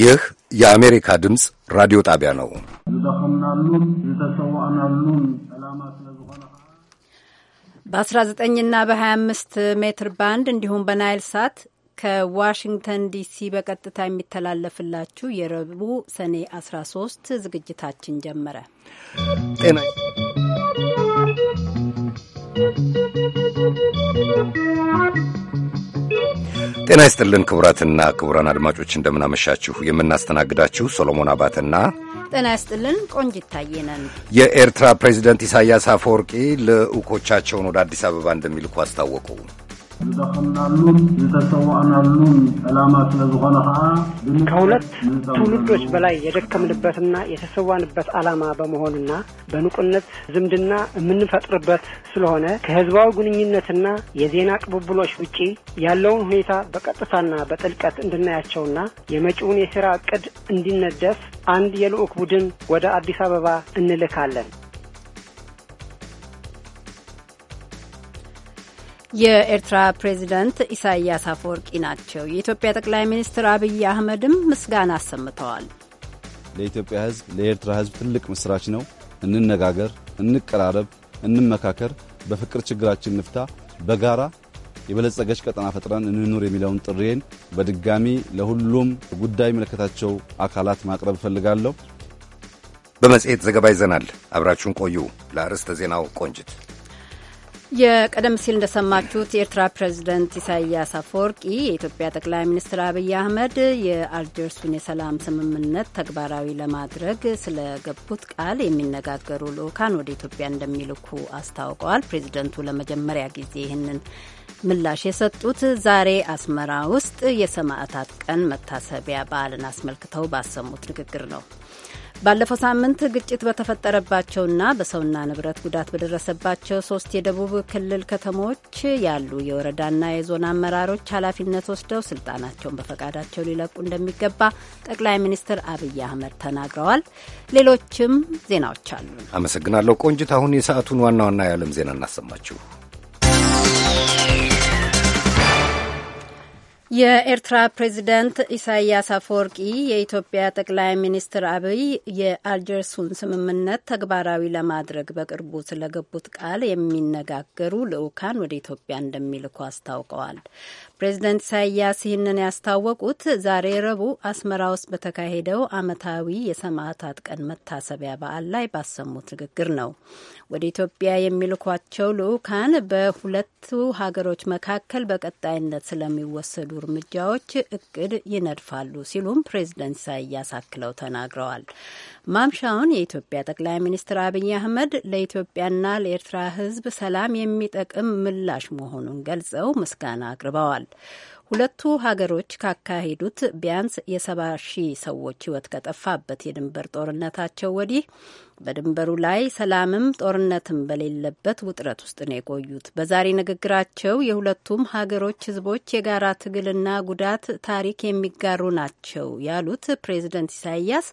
ይህ የአሜሪካ ድምፅ ራዲዮ ጣቢያ ነው። በ19 ና በ25 ሜትር ባንድ እንዲሁም በናይል ሳት ከዋሽንግተን ዲሲ በቀጥታ የሚተላለፍላችሁ የረቡዕ ሰኔ 13 ዝግጅታችን ጀመረ። ጤና ጤና ይስጥልን ክቡራትና ክቡራን አድማጮች እንደምናመሻችሁ። የምናስተናግዳችሁ ሶሎሞን አባትና ጤና ይስጥልን ቆንጅ ታየ የኤርትራ ፕሬዚደንት ኢሳያስ አፈወርቂ ልዑኮቻቸውን ወደ አዲስ አበባ እንደሚልኩ አስታወቁ። ከሁለት ትውልዶች በላይ የደከምንበትና የተሰዋንበት ዓላማ በመሆንና በንቁነት ዝምድና የምንፈጥርበት ስለሆነ ከህዝባዊ ግንኙነትና የዜና ቅብብሎች ውጪ ያለውን ሁኔታ በቀጥታና በጥልቀት እንድናያቸውና የመጪውን የስራ እቅድ እንዲነደፍ አንድ የልዑክ ቡድን ወደ አዲስ አበባ እንልካለን። የኤርትራ ፕሬዚደንት ኢሳያስ አፈወርቂ ናቸው። የኢትዮጵያ ጠቅላይ ሚኒስትር አብይ አህመድም ምስጋና አሰምተዋል። ለኢትዮጵያ ሕዝብ ለኤርትራ ሕዝብ ትልቅ ምስራች ነው። እንነጋገር፣ እንቀራረብ፣ እንመካከር፣ በፍቅር ችግራችን ንፍታ፣ በጋራ የበለጸገች ቀጠና ፈጥረን እንኑር የሚለውን ጥሬን በድጋሚ ለሁሉም ጉዳይ የሚመለከታቸው አካላት ማቅረብ እፈልጋለሁ። በመጽሔት ዘገባ ይዘናል። አብራችሁን ቆዩ። ለአርዕስተ ዜናው ቆንጅት የቀደም ሲል እንደሰማችሁት የኤርትራ ፕሬዚደንት ኢሳያስ አፈወርቂ የኢትዮጵያ ጠቅላይ ሚኒስትር አብይ አህመድ የአልጀርሱን የሰላም ስምምነት ተግባራዊ ለማድረግ ስለገቡት ቃል የሚነጋገሩ ልዑካን ወደ ኢትዮጵያ እንደሚልኩ አስታውቀዋል። ፕሬዚደንቱ ለመጀመሪያ ጊዜ ይህንን ምላሽ የሰጡት ዛሬ አስመራ ውስጥ የሰማዕታት ቀን መታሰቢያ በዓልን አስመልክተው ባሰሙት ንግግር ነው። ባለፈው ሳምንት ግጭት በተፈጠረባቸውና በሰውና ንብረት ጉዳት በደረሰባቸው ሶስት የደቡብ ክልል ከተሞች ያሉ የወረዳና የዞን አመራሮች ኃላፊነት ወስደው ስልጣናቸውን በፈቃዳቸው ሊለቁ እንደሚገባ ጠቅላይ ሚኒስትር አብይ አህመድ ተናግረዋል። ሌሎችም ዜናዎች አሉ። አመሰግናለሁ ቆንጅት። አሁን የሰዓቱን ዋና ዋና የዓለም ዜና እናሰማችሁ። የኤርትራ ፕሬዚደንት ኢሳያስ አፈወርቂ የኢትዮጵያ ጠቅላይ ሚኒስትር አብይ የአልጀርሱን ስምምነት ተግባራዊ ለማድረግ በቅርቡ ስለገቡት ቃል የሚነጋገሩ ልዑካን ወደ ኢትዮጵያ እንደሚልኩ አስታውቀዋል። ፕሬዚደንት ኢሳያስ ይህንን ያስታወቁት ዛሬ ረቡዕ አስመራ ውስጥ በተካሄደው ዓመታዊ የሰማዕታት ቀን መታሰቢያ በዓል ላይ ባሰሙት ንግግር ነው። ወደ ኢትዮጵያ የሚልኳቸው ልዑካን በሁለቱ ሀገሮች መካከል በቀጣይነት ስለሚወሰዱ እርምጃዎች እቅድ ይነድፋሉ ሲሉም ፕሬዚደንት ኢሳያስ አክለው ተናግረዋል። ማምሻውን የኢትዮጵያ ጠቅላይ ሚኒስትር አብይ አህመድ ለኢትዮጵያና ለኤርትራ ሕዝብ ሰላም የሚጠቅም ምላሽ መሆኑን ገልጸው ምስጋና አቅርበዋል። ተናግረዋል። ሁለቱ ሀገሮች ካካሄዱት ቢያንስ የሰባ ሺህ ሰዎች ህይወት ከጠፋበት የድንበር ጦርነታቸው ወዲህ በድንበሩ ላይ ሰላምም ጦርነትም በሌለበት ውጥረት ውስጥ ነው የቆዩት። በዛሬ ንግግራቸው የሁለቱም ሀገሮች ህዝቦች የጋራ ትግልና ጉዳት ታሪክ የሚጋሩ ናቸው ያሉት ፕሬዚደንት ኢሳያስ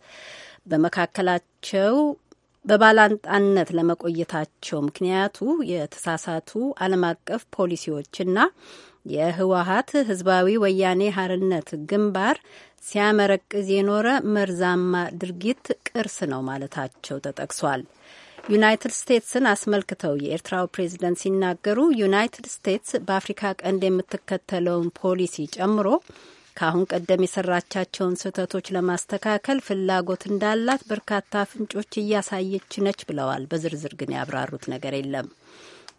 በመካከላቸው በባላንጣነት ለመቆየታቸው ምክንያቱ የተሳሳቱ ዓለም አቀፍ ፖሊሲዎችና የህወሀት ህዝባዊ ወያኔ ሀርነት ግንባር ሲያመረቅዝ የኖረ መርዛማ ድርጊት ቅርስ ነው ማለታቸው ተጠቅሷል። ዩናይትድ ስቴትስን አስመልክተው የኤርትራው ፕሬዝደንት ሲናገሩ ዩናይትድ ስቴትስ በአፍሪካ ቀንድ የምትከተለውን ፖሊሲ ጨምሮ ከአሁን ቀደም የሰራቻቸውን ስህተቶች ለማስተካከል ፍላጎት እንዳላት በርካታ ፍንጮች እያሳየች ነች ብለዋል። በዝርዝር ግን ያብራሩት ነገር የለም።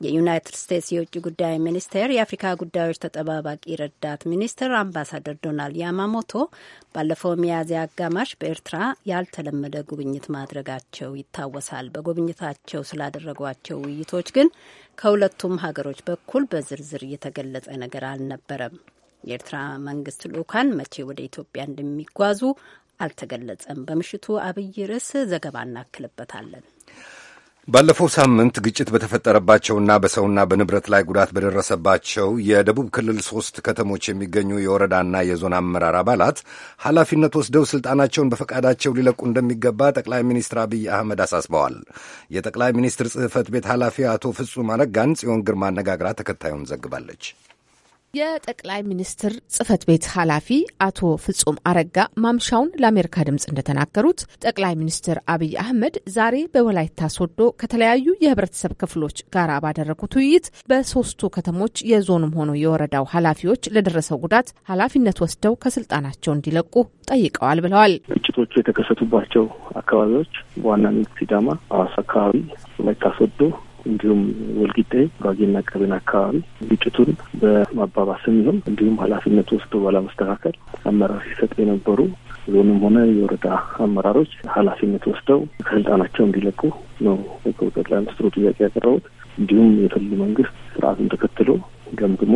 የዩናይትድ ስቴትስ የውጭ ጉዳይ ሚኒስቴር የአፍሪካ ጉዳዮች ተጠባባቂ ረዳት ሚኒስትር አምባሳደር ዶናልድ ያማሞቶ ባለፈው ሚያዝያ አጋማሽ በኤርትራ ያልተለመደ ጉብኝት ማድረጋቸው ይታወሳል። በጉብኝታቸው ስላደረጓቸው ውይይቶች ግን ከሁለቱም ሀገሮች በኩል በዝርዝር የተገለጸ ነገር አልነበረም። የኤርትራ መንግስት ልኡካን መቼ ወደ ኢትዮጵያ እንደሚጓዙ አልተገለጸም። በምሽቱ አብይ ርዕስ ዘገባ እናክልበታለን። ባለፈው ሳምንት ግጭት በተፈጠረባቸውና በሰውና በንብረት ላይ ጉዳት በደረሰባቸው የደቡብ ክልል ሶስት ከተሞች የሚገኙ የወረዳና የዞን አመራር አባላት ኃላፊነት ወስደው ስልጣናቸውን በፈቃዳቸው ሊለቁ እንደሚገባ ጠቅላይ ሚኒስትር አብይ አህመድ አሳስበዋል። የጠቅላይ ሚኒስትር ጽህፈት ቤት ኃላፊ አቶ ፍጹም አረጋን ጽዮን ግርማ አነጋግራ ተከታዩን ዘግባለች። የጠቅላይ ሚኒስትር ጽህፈት ቤት ኃላፊ አቶ ፍጹም አረጋ ማምሻውን ለአሜሪካ ድምፅ እንደተናገሩት ጠቅላይ ሚኒስትር አብይ አህመድ ዛሬ በወላይታ ሶዶ ከተለያዩ የህብረተሰብ ክፍሎች ጋር ባደረጉት ውይይት በሶስቱ ከተሞች የዞኑም ሆኖ የወረዳው ኃላፊዎች ለደረሰው ጉዳት ኃላፊነት ወስደው ከስልጣናቸው እንዲለቁ ጠይቀዋል ብለዋል። ግጭቶቹ የተከሰቱባቸው አካባቢዎች በዋናነት ሲዳማ፣ አዋሳ አካባቢ፣ ወላይታ ሶዶ እንዲሁም ወልቂጤ ጉራጌና ቀቤን አካባቢ ግጭቱን በማባባስም ይሁን እንዲሁም ኃላፊነት ወስዶ ባለመስተካከል አመራር ሲሰጥ የነበሩ ዞንም ሆነ የወረዳ አመራሮች ኃላፊነት ወስደው ከስልጣናቸው እንዲለቁ ነው ጠቅላይ ሚኒስትሩ ጥያቄ ያቀረቡት። እንዲሁም የክልሉ መንግስት ስርዓቱን ተከትሎ ገምግሞ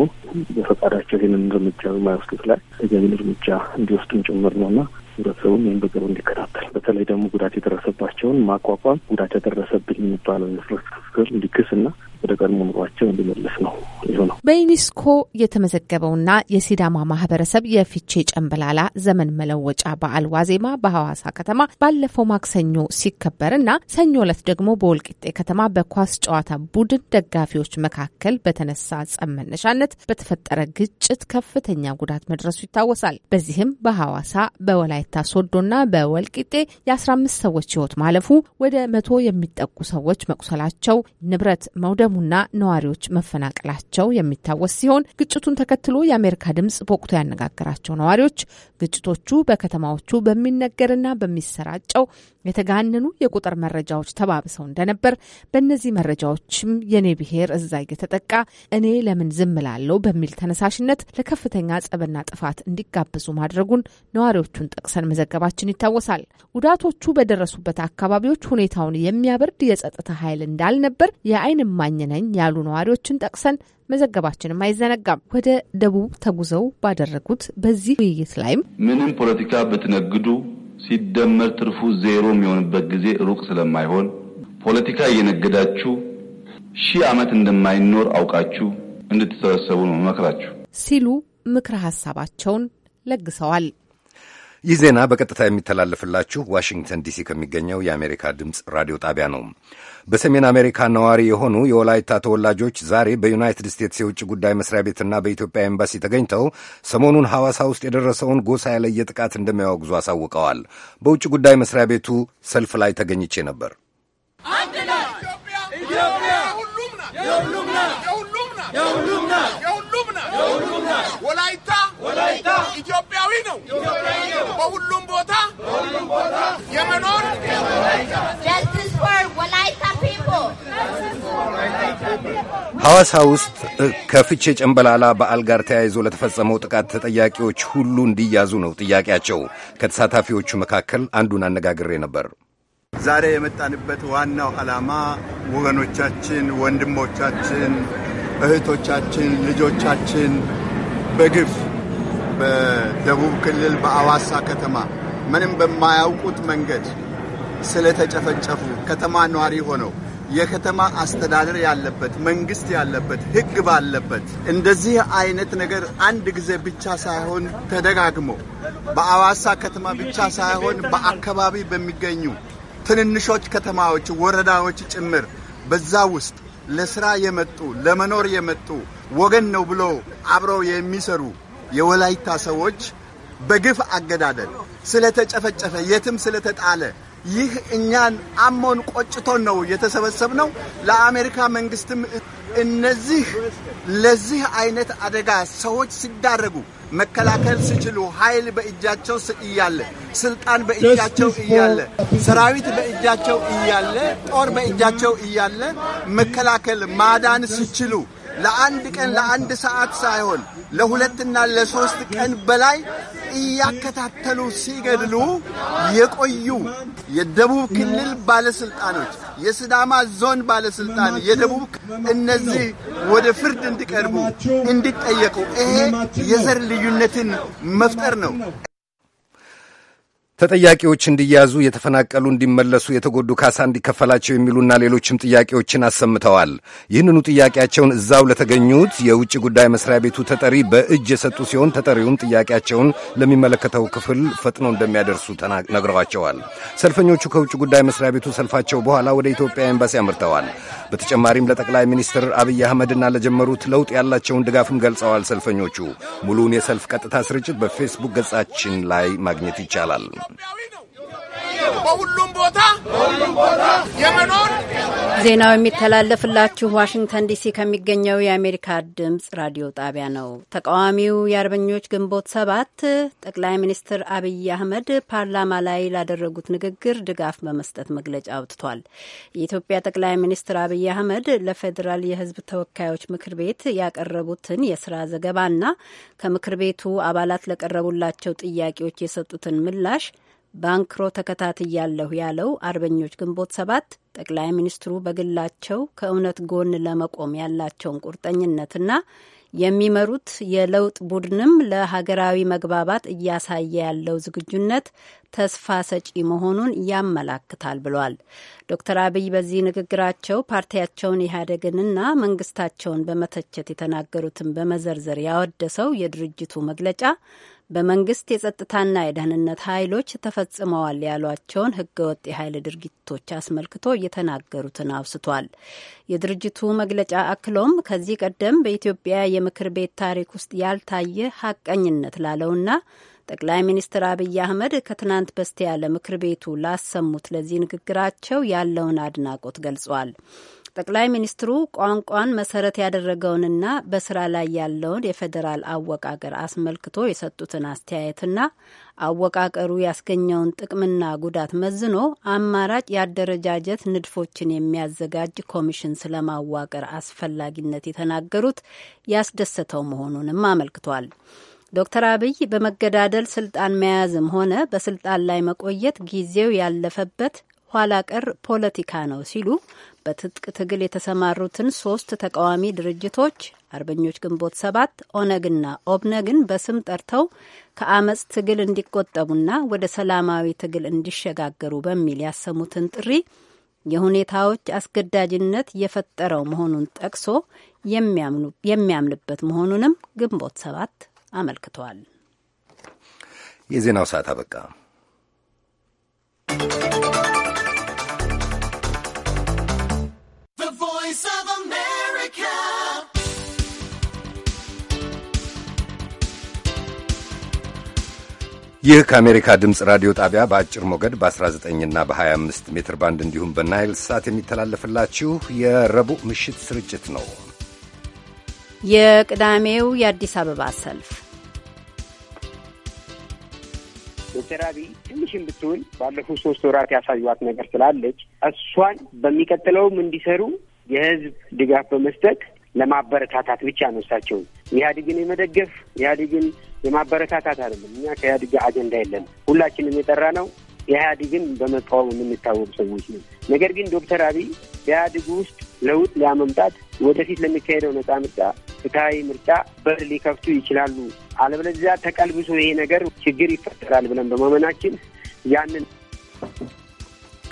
በፈቃዳቸው ይህንን እርምጃ በማይወስዱት ላይ ተገቢን እርምጃ እንዲወስዱን ጭምር ነው እና ህብረተሰቡም ይህን በቅርብ እንዲከታተል፣ በተለይ ደግሞ ጉዳት የደረሰባቸውን ማቋቋም ጉዳት የደረሰብኝ የሚባለው የህብረተሰብ እንዲክስ እና ወደ ቀድሞ ኑሯቸው እንዲመለስ ነው የሆነው። በዩኒስኮ የተመዘገበውና የሲዳማ ማህበረሰብ የፊቼ ጨምበላላ ዘመን መለወጫ በዓል ዋዜማ በሐዋሳ ከተማ ባለፈው ማክሰኞ ሲከበርና ሰኞ ዕለት ደግሞ በወልቂጤ ከተማ በኳስ ጨዋታ ቡድን ደጋፊዎች መካከል በተነሳ ጸብ መነሻነት በተፈጠረ ግጭት ከፍተኛ ጉዳት መድረሱ ይታወሳል። በዚህም በሐዋሳ በወላይታ ሶዶና በወልቂጤ የ15 ሰዎች ህይወት ማለፉ ወደ መቶ የሚጠጉ ሰዎች መቁሰላቸው ንብረት መውደ መውደሙና ነዋሪዎች መፈናቀላቸው የሚታወስ ሲሆን ግጭቱን ተከትሎ የአሜሪካ ድምጽ በወቅቱ ያነጋገራቸው ነዋሪዎች ግጭቶቹ በከተማዎቹ በሚነገርና በሚሰራጨው የተጋነኑ የቁጥር መረጃዎች ተባብሰው እንደነበር፣ በእነዚህ መረጃዎችም የኔ ብሔር እዛ እየተጠቃ እኔ ለምን ዝም ላለው በሚል ተነሳሽነት ለከፍተኛ ጸብና ጥፋት እንዲጋበዙ ማድረጉን ነዋሪዎቹን ጠቅሰን መዘገባችን ይታወሳል። ጉዳቶቹ በደረሱበት አካባቢዎች ሁኔታውን የሚያበርድ የጸጥታ ኃይል እንዳልነበር የአይን እማኝ ነኝ ያሉ ነዋሪዎችን ጠቅሰን መዘገባችንም አይዘነጋም። ወደ ደቡብ ተጉዘው ባደረጉት በዚህ ውይይት ላይም ምንም ፖለቲካ ብትነግዱ ሲደመር ትርፉ ዜሮ የሚሆንበት ጊዜ ሩቅ ስለማይሆን ፖለቲካ እየነገዳችሁ ሺህ ዓመት እንደማይኖር አውቃችሁ እንድትሰበሰቡ ነው መክራችሁ ሲሉ ምክረ ሀሳባቸውን ለግሰዋል። ይህ ዜና በቀጥታ የሚተላለፍላችሁ ዋሽንግተን ዲሲ ከሚገኘው የአሜሪካ ድምፅ ራዲዮ ጣቢያ ነው። በሰሜን አሜሪካ ነዋሪ የሆኑ የወላይታ ተወላጆች ዛሬ በዩናይትድ ስቴትስ የውጭ ጉዳይ መስሪያ ቤትና በኢትዮጵያ ኤምባሲ ተገኝተው ሰሞኑን ሐዋሳ ውስጥ የደረሰውን ጎሳ ያለየ ጥቃት እንደሚያወግዙ አሳውቀዋል። በውጭ ጉዳይ መስሪያ ቤቱ ሰልፍ ላይ ተገኝቼ ነበር። ወላይታ ኢትዮጵያዊ ነው። በሁሉም ቦታ የመኖር ጀስትስ ፎር ወላይታ ሐዋሳ ውስጥ ከፍቼ ጨምበላላ በዓል ጋር ተያይዞ ለተፈጸመው ጥቃት ተጠያቂዎች ሁሉ እንዲያዙ ነው ጥያቄያቸው። ከተሳታፊዎቹ መካከል አንዱን አነጋግሬ ነበር። ዛሬ የመጣንበት ዋናው ዓላማ ወገኖቻችን፣ ወንድሞቻችን፣ እህቶቻችን፣ ልጆቻችን በግፍ በደቡብ ክልል በአዋሳ ከተማ ምንም በማያውቁት መንገድ ስለተጨፈጨፉ ከተማ ኗሪ ሆነው የከተማ አስተዳደር ያለበት መንግስት ያለበት ህግ ባለበት እንደዚህ አይነት ነገር አንድ ጊዜ ብቻ ሳይሆን ተደጋግሞ በአዋሳ ከተማ ብቻ ሳይሆን በአካባቢ በሚገኙ ትንንሾች ከተማዎች፣ ወረዳዎች ጭምር በዛ ውስጥ ለስራ የመጡ ለመኖር የመጡ ወገን ነው ብሎ አብረው የሚሰሩ የወላይታ ሰዎች በግፍ አገዳደል ስለተጨፈጨፈ የትም ስለተጣለ ይህ እኛን አሞን ቆጭቶን ነው የተሰበሰብ ነው። ለአሜሪካ መንግስትም እነዚህ ለዚህ አይነት አደጋ ሰዎች ሲዳረጉ መከላከል ሲችሉ ኃይል በእጃቸው እያለ ስልጣን በእጃቸው እያለ ሰራዊት በእጃቸው እያለ ጦር በእጃቸው እያለ መከላከል ማዳን ሲችሉ ለአንድ ቀን ለአንድ ሰዓት ሳይሆን ለሁለትና ለሶስት ቀን በላይ እያከታተሉ ሲገድሉ የቆዩ የደቡብ ክልል ባለስልጣኖች፣ የስዳማ ዞን ባለስልጣን፣ የደቡብ እነዚህ ወደ ፍርድ እንዲቀርቡ እንዲጠየቁ ይሄ የዘር ልዩነትን መፍጠር ነው። ተጠያቂዎች እንዲያዙ፣ የተፈናቀሉ እንዲመለሱ፣ የተጎዱ ካሳ እንዲከፈላቸው የሚሉና ሌሎችም ጥያቄዎችን አሰምተዋል። ይህንኑ ጥያቄያቸውን እዛው ለተገኙት የውጭ ጉዳይ መስሪያ ቤቱ ተጠሪ በእጅ የሰጡ ሲሆን ተጠሪውም ጥያቄያቸውን ለሚመለከተው ክፍል ፈጥነው እንደሚያደርሱ ነግረዋቸዋል። ሰልፈኞቹ ከውጭ ጉዳይ መስሪያ ቤቱ ሰልፋቸው በኋላ ወደ ኢትዮጵያ ኤምባሲ አምርተዋል። በተጨማሪም ለጠቅላይ ሚኒስትር አብይ አህመድና ለጀመሩት ለውጥ ያላቸውን ድጋፍም ገልጸዋል። ሰልፈኞቹ ሙሉውን የሰልፍ ቀጥታ ስርጭት በፌስቡክ ገጻችን ላይ ማግኘት ይቻላል። papel e በሁሉም ቦታ የመኖር ዜናው የሚተላለፍላችሁ ዋሽንግተን ዲሲ ከሚገኘው የአሜሪካ ድምጽ ራዲዮ ጣቢያ ነው። ተቃዋሚው የአርበኞች ግንቦት ሰባት ጠቅላይ ሚኒስትር አብይ አህመድ ፓርላማ ላይ ላደረጉት ንግግር ድጋፍ በመስጠት መግለጫ አውጥቷል። የኢትዮጵያ ጠቅላይ ሚኒስትር አብይ አህመድ ለፌዴራል የሕዝብ ተወካዮች ምክር ቤት ያቀረቡትን የስራ ዘገባና ከምክር ቤቱ አባላት ለቀረቡላቸው ጥያቄዎች የሰጡትን ምላሽ በአንክሮ ተከታትያለሁ ያለው አርበኞች ግንቦት ሰባት ጠቅላይ ሚኒስትሩ በግላቸው ከእውነት ጎን ለመቆም ያላቸውን ቁርጠኝነትና የሚመሩት የለውጥ ቡድንም ለሀገራዊ መግባባት እያሳየ ያለው ዝግጁነት ተስፋ ሰጪ መሆኑን ያመላክታል ብሏል። ዶክተር አብይ በዚህ ንግግራቸው ፓርቲያቸውን ኢህአዴግንና መንግስታቸውን በመተቸት የተናገሩትን በመዘርዘር ያወደሰው የድርጅቱ መግለጫ በመንግስት የጸጥታና የደህንነት ኃይሎች ተፈጽመዋል ያሏቸውን ህገወጥ የኃይል ድርጊቶች አስመልክቶ እየተናገሩትን አውስቷል። የድርጅቱ መግለጫ አክሎም ከዚህ ቀደም በኢትዮጵያ የምክር ቤት ታሪክ ውስጥ ያልታየ ሀቀኝነት ላለውና ጠቅላይ ሚኒስትር አብይ አህመድ ከትናንት በስቲያ ለምክር ቤቱ ላሰሙት ለዚህ ንግግራቸው ያለውን አድናቆት ገልጿል። ጠቅላይ ሚኒስትሩ ቋንቋን መሰረት ያደረገውንና በስራ ላይ ያለውን የፌዴራል አወቃቀር አስመልክቶ የሰጡትን አስተያየትና አወቃቀሩ ያስገኘውን ጥቅምና ጉዳት መዝኖ አማራጭ የአደረጃጀት ንድፎችን የሚያዘጋጅ ኮሚሽን ስለማዋቀር አስፈላጊነት የተናገሩት ያስደሰተው መሆኑንም አመልክቷል። ዶክተር አብይ በመገዳደል ስልጣን መያዝም ሆነ በስልጣን ላይ መቆየት ጊዜው ያለፈበት ኋላ ቀር ፖለቲካ ነው ሲሉ በትጥቅ ትግል የተሰማሩትን ሶስት ተቃዋሚ ድርጅቶች አርበኞች ግንቦት ሰባት ኦነግና ኦብነግን በስም ጠርተው ከአመፅ ትግል እንዲቆጠቡና ወደ ሰላማዊ ትግል እንዲሸጋገሩ በሚል ያሰሙትን ጥሪ የሁኔታዎች አስገዳጅነት የፈጠረው መሆኑን ጠቅሶ የሚያምንበት መሆኑንም ግንቦት ሰባት አመልክተዋል። የዜናው ሰዓት አበቃ። ይህ ከአሜሪካ ድምፅ ራዲዮ ጣቢያ በአጭር ሞገድ በ19 እና በ25 ሜትር ባንድ እንዲሁም በናይል ሳት የሚተላለፍላችሁ የረቡዕ ምሽት ስርጭት ነው። የቅዳሜው የአዲስ አበባ ሰልፍ ዶክተር አብይ ትንሽም ብትሆን ባለፉት ሶስት ወራት ያሳዩት ነገር ስላለች እሷን በሚቀጥለውም እንዲሰሩ የህዝብ ድጋፍ በመስጠት ለማበረታታት ብቻ ነው እሳቸውን ኢህአዴግን የመደገፍ ኢህአዴግን የማበረታታት አይደለም። እኛ ከኢህአዴግ አጀንዳ የለም። ሁላችንም የጠራ ነው ኢህአዴግን በመቃወም የምንታወቅ ሰዎች ነው። ነገር ግን ዶክተር አብይ በኢህአዴግ ውስጥ ለውጥ ሊያመምጣት ወደፊት ለሚካሄደው ነጻ ምርጫ ፍትሐዊ ምርጫ በር ሊከፍቱ ይችላሉ። አለበለዚያ ተቀልብሶ ይሄ ነገር ችግር ይፈጠራል ብለን በማመናችን ያንን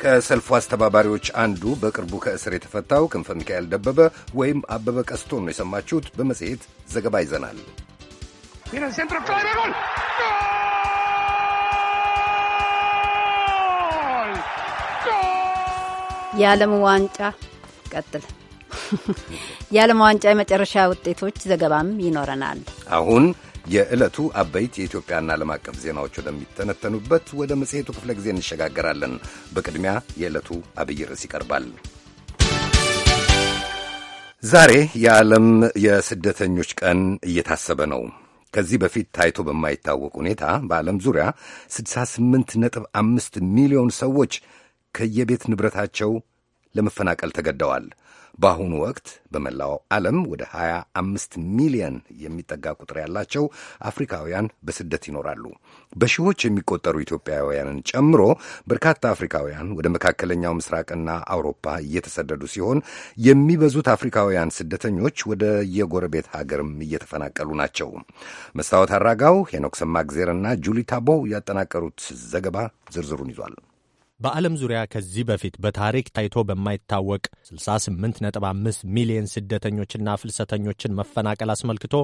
ከሰልፉ አስተባባሪዎች አንዱ በቅርቡ ከእስር የተፈታው ክንፈ ሚካኤል ደበበ ወይም አበበ ቀስቶን ነው የሰማችሁት። በመጽሔት ዘገባ ይዘናል። የዓለም ዋንጫ ቀጥል የዓለም ዋንጫ የመጨረሻ ውጤቶች ዘገባም ይኖረናል። አሁን የዕለቱ አበይት የኢትዮጵያና ዓለም አቀፍ ዜናዎች ወደሚተነተኑበት ወደ መጽሔቱ ክፍለ ጊዜ እንሸጋገራለን። በቅድሚያ የዕለቱ አብይ ርዕስ ይቀርባል። ዛሬ የዓለም የስደተኞች ቀን እየታሰበ ነው። ከዚህ በፊት ታይቶ በማይታወቅ ሁኔታ በዓለም ዙሪያ 68.5 ሚሊዮን ሰዎች ከየቤት ንብረታቸው ለመፈናቀል ተገደዋል። በአሁኑ ወቅት በመላው ዓለም ወደ 25 ሚሊየን የሚጠጋ ቁጥር ያላቸው አፍሪካውያን በስደት ይኖራሉ። በሺዎች የሚቆጠሩ ኢትዮጵያውያንን ጨምሮ በርካታ አፍሪካውያን ወደ መካከለኛው ምስራቅና አውሮፓ እየተሰደዱ ሲሆን የሚበዙት አፍሪካውያን ስደተኞች ወደ የጎረቤት ሀገርም እየተፈናቀሉ ናቸው። መስታወት አራጋው፣ ሄኖክ ሰማግዜርና ጁሊ ታቦው ያጠናቀሩት ዘገባ ዝርዝሩን ይዟል። በዓለም ዙሪያ ከዚህ በፊት በታሪክ ታይቶ በማይታወቅ 68.5 ሚሊዮን ስደተኞችና ፍልሰተኞችን መፈናቀል አስመልክቶ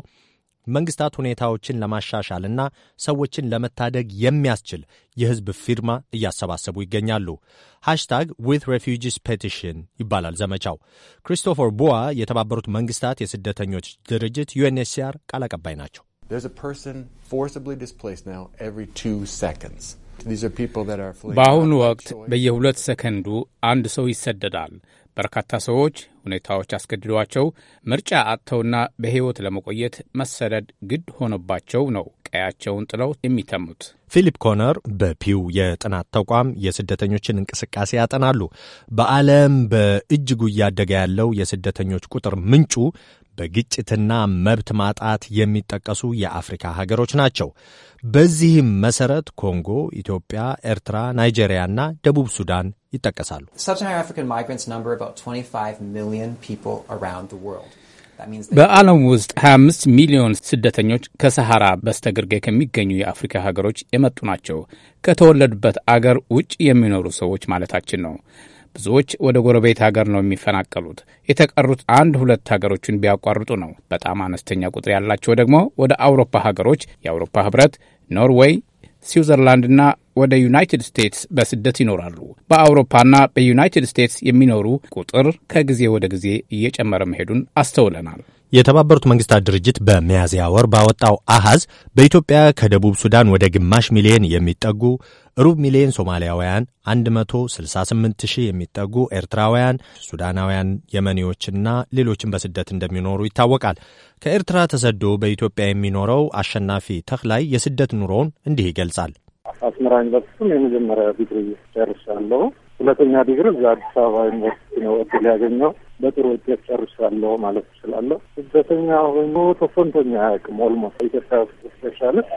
መንግስታት ሁኔታዎችን ለማሻሻልና ሰዎችን ለመታደግ የሚያስችል የሕዝብ ፊርማ እያሰባሰቡ ይገኛሉ። ሃሽታግ ዊት ሬፊጂስ ፔቲሽን ይባላል ዘመቻው። ክሪስቶፈር ቡዋ የተባበሩት መንግስታት የስደተኞች ድርጅት ዩኤንኤችሲአር ቃል አቀባይ ናቸው። በአሁኑ ወቅት በየሁለት ሰከንዱ አንድ ሰው ይሰደዳል። በርካታ ሰዎች ሁኔታዎች አስገድዷቸው ምርጫ አጥተውና በሕይወት ለመቆየት መሰደድ ግድ ሆነባቸው ነው ቀያቸውን ጥለው የሚተሙት። ፊሊፕ ኮነር በፒው የጥናት ተቋም የስደተኞችን እንቅስቃሴ ያጠናሉ። በዓለም በእጅጉ እያደገ ያለው የስደተኞች ቁጥር ምንጩ በግጭትና መብት ማጣት የሚጠቀሱ የአፍሪካ ሀገሮች ናቸው። በዚህም መሰረት ኮንጎ፣ ኢትዮጵያ፣ ኤርትራ፣ ናይጄሪያና ደቡብ ሱዳን ይጠቀሳሉ። በዓለም ውስጥ 25 ሚሊዮን ስደተኞች ከሰሐራ በስተግርጌ ከሚገኙ የአፍሪካ ሀገሮች የመጡ ናቸው። ከተወለዱበት አገር ውጭ የሚኖሩ ሰዎች ማለታችን ነው። ብዙዎች ወደ ጎረቤት ሀገር ነው የሚፈናቀሉት። የተቀሩት አንድ ሁለት ሀገሮችን ቢያቋርጡ ነው። በጣም አነስተኛ ቁጥር ያላቸው ደግሞ ወደ አውሮፓ ሀገሮች፣ የአውሮፓ ህብረት፣ ኖርዌይ፣ ስዊዘርላንድና ወደ ዩናይትድ ስቴትስ በስደት ይኖራሉ። በአውሮፓና በዩናይትድ ስቴትስ የሚኖሩ ቁጥር ከጊዜ ወደ ጊዜ እየጨመረ መሄዱን አስተውለናል። የተባበሩት መንግስታት ድርጅት በሚያዝያ ወር ባወጣው አሃዝ በኢትዮጵያ ከደቡብ ሱዳን ወደ ግማሽ ሚሊዮን የሚጠጉ ሩብ ሚሊየን ሶማሊያውያን፣ 168 ሺህ የሚጠጉ ኤርትራውያን፣ ሱዳናውያን፣ የመኔዎችና ሌሎችን በስደት እንደሚኖሩ ይታወቃል። ከኤርትራ ተሰዶ በኢትዮጵያ የሚኖረው አሸናፊ ተክላይ የስደት ኑሮውን እንዲህ ይገልጻል። አስመራ ዩኒቨርሲቲም የመጀመሪያ ዲግሪ ጨርሻለሁ። ሁለተኛ ዲግሪ እዚ አዲስ አበባ ዩኒቨርሲቲ ነው እድል ያገኘው። በጥሩ ውጤት ጨርሻለሁ ማለት እችላለሁ። ስደተኛ ሆኖ ተሰንቶኛ አያውቅም። ኦልሞስት ኢትዮጵያ ውስጥ ስፔሻልስ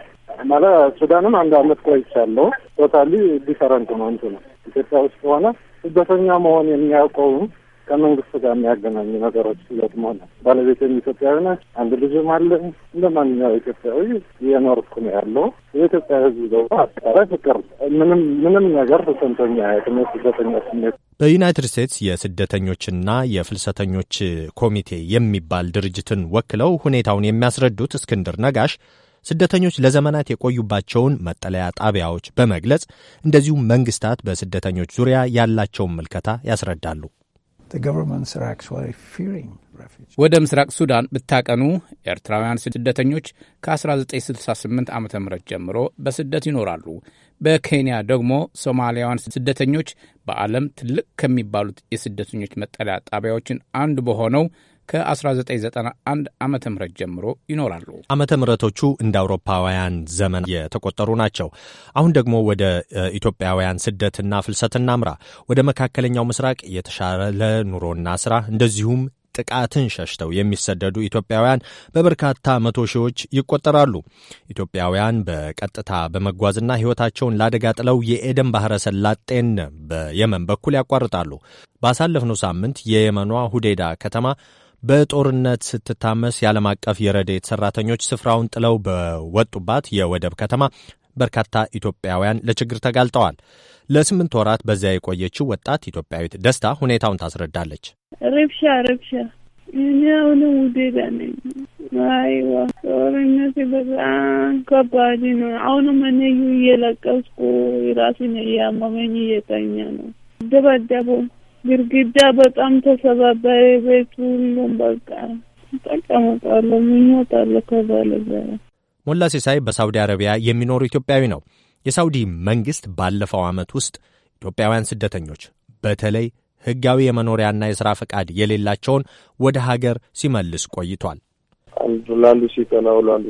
ማለት ሱዳንም አንድ አመት ቆይቻለሁ። ቶታሊ ዲፈረንት ነው እንት ነው ኢትዮጵያ ውስጥ ሆነ ስደተኛ መሆን የሚያውቀውም ከመንግስት ጋር የሚያገናኙ ነገሮች ሁለት መሆነ ባለቤቴም ኢትዮጵያዊ ነች። አንድ ልጅም አለ። እንደ ማንኛው ኢትዮጵያዊ የኖርኩ ነው ያለው። የኢትዮጵያ ህዝብ ደግሞ አጠረ ፍቅር ምንም ምንም ነገር ተሰምቶኛ ያቅም ስደተኛ ስሜት በዩናይትድ ስቴትስ የስደተኞችና የፍልሰተኞች ኮሚቴ የሚባል ድርጅትን ወክለው ሁኔታውን የሚያስረዱት እስክንድር ነጋሽ ስደተኞች ለዘመናት የቆዩባቸውን መጠለያ ጣቢያዎች በመግለጽ እንደዚሁም መንግስታት በስደተኞች ዙሪያ ያላቸውን ምልከታ ያስረዳሉ። ወደ ምስራቅ ሱዳን ብታቀኑ ኤርትራውያን ስደተኞች ከ1968 ዓ ም ጀምሮ በስደት ይኖራሉ። በኬንያ ደግሞ ሶማሊያውያን ስደተኞች በዓለም ትልቅ ከሚባሉት የስደተኞች መጠለያ ጣቢያዎችን አንዱ በሆነው ከ1991 ዓመተ ምህረት ጀምሮ ይኖራሉ። ዓመተ ምህረቶቹ እንደ አውሮፓውያን ዘመን የተቆጠሩ ናቸው። አሁን ደግሞ ወደ ኢትዮጵያውያን ስደትና ፍልሰት እናምራ። ወደ መካከለኛው ምስራቅ የተሻለ ኑሮና ስራ እንደዚሁም ጥቃትን ሸሽተው የሚሰደዱ ኢትዮጵያውያን በበርካታ መቶ ሺዎች ይቆጠራሉ። ኢትዮጵያውያን በቀጥታ በመጓዝና ሕይወታቸውን ላደጋ ጥለው የኤደን ባሕረ ሰላጤን በየመን በኩል ያቋርጣሉ። ባሳለፍነው ሳምንት የየመኗ ሁዴዳ ከተማ በጦርነት ስትታመስ የዓለም አቀፍ የረድኤት ሠራተኞች ስፍራውን ጥለው በወጡባት የወደብ ከተማ በርካታ ኢትዮጵያውያን ለችግር ተጋልጠዋል። ለስምንት ወራት በዚያ የቆየችው ወጣት ኢትዮጵያዊት ደስታ ሁኔታውን ታስረዳለች። ረብሻ ረብሻ እኔ አሁንም ውዴዳ ነኝ። አይዋ ጦርነት በጣም ከባድ ነው። አሁንም እኔ እየለቀስኩ ራሱን እያመመኝ እየተኛ ነው ደባደቡ ግድግዳ በጣም ተሰባበረ። ቤት ሁሉም በቃ ተቀምጣለሁ ይሞታለሁ። ከባለዘራ ሞላ ሲሳይ በሳውዲ አረቢያ የሚኖሩ ኢትዮጵያዊ ነው። የሳውዲ መንግሥት ባለፈው ዓመት ውስጥ ኢትዮጵያውያን ስደተኞች በተለይ ሕጋዊ የመኖሪያና የሥራ ፈቃድ የሌላቸውን ወደ ሀገር ሲመልስ ቆይቷል። አንዱ ለአንዱ ሲቀናው ለአንዱ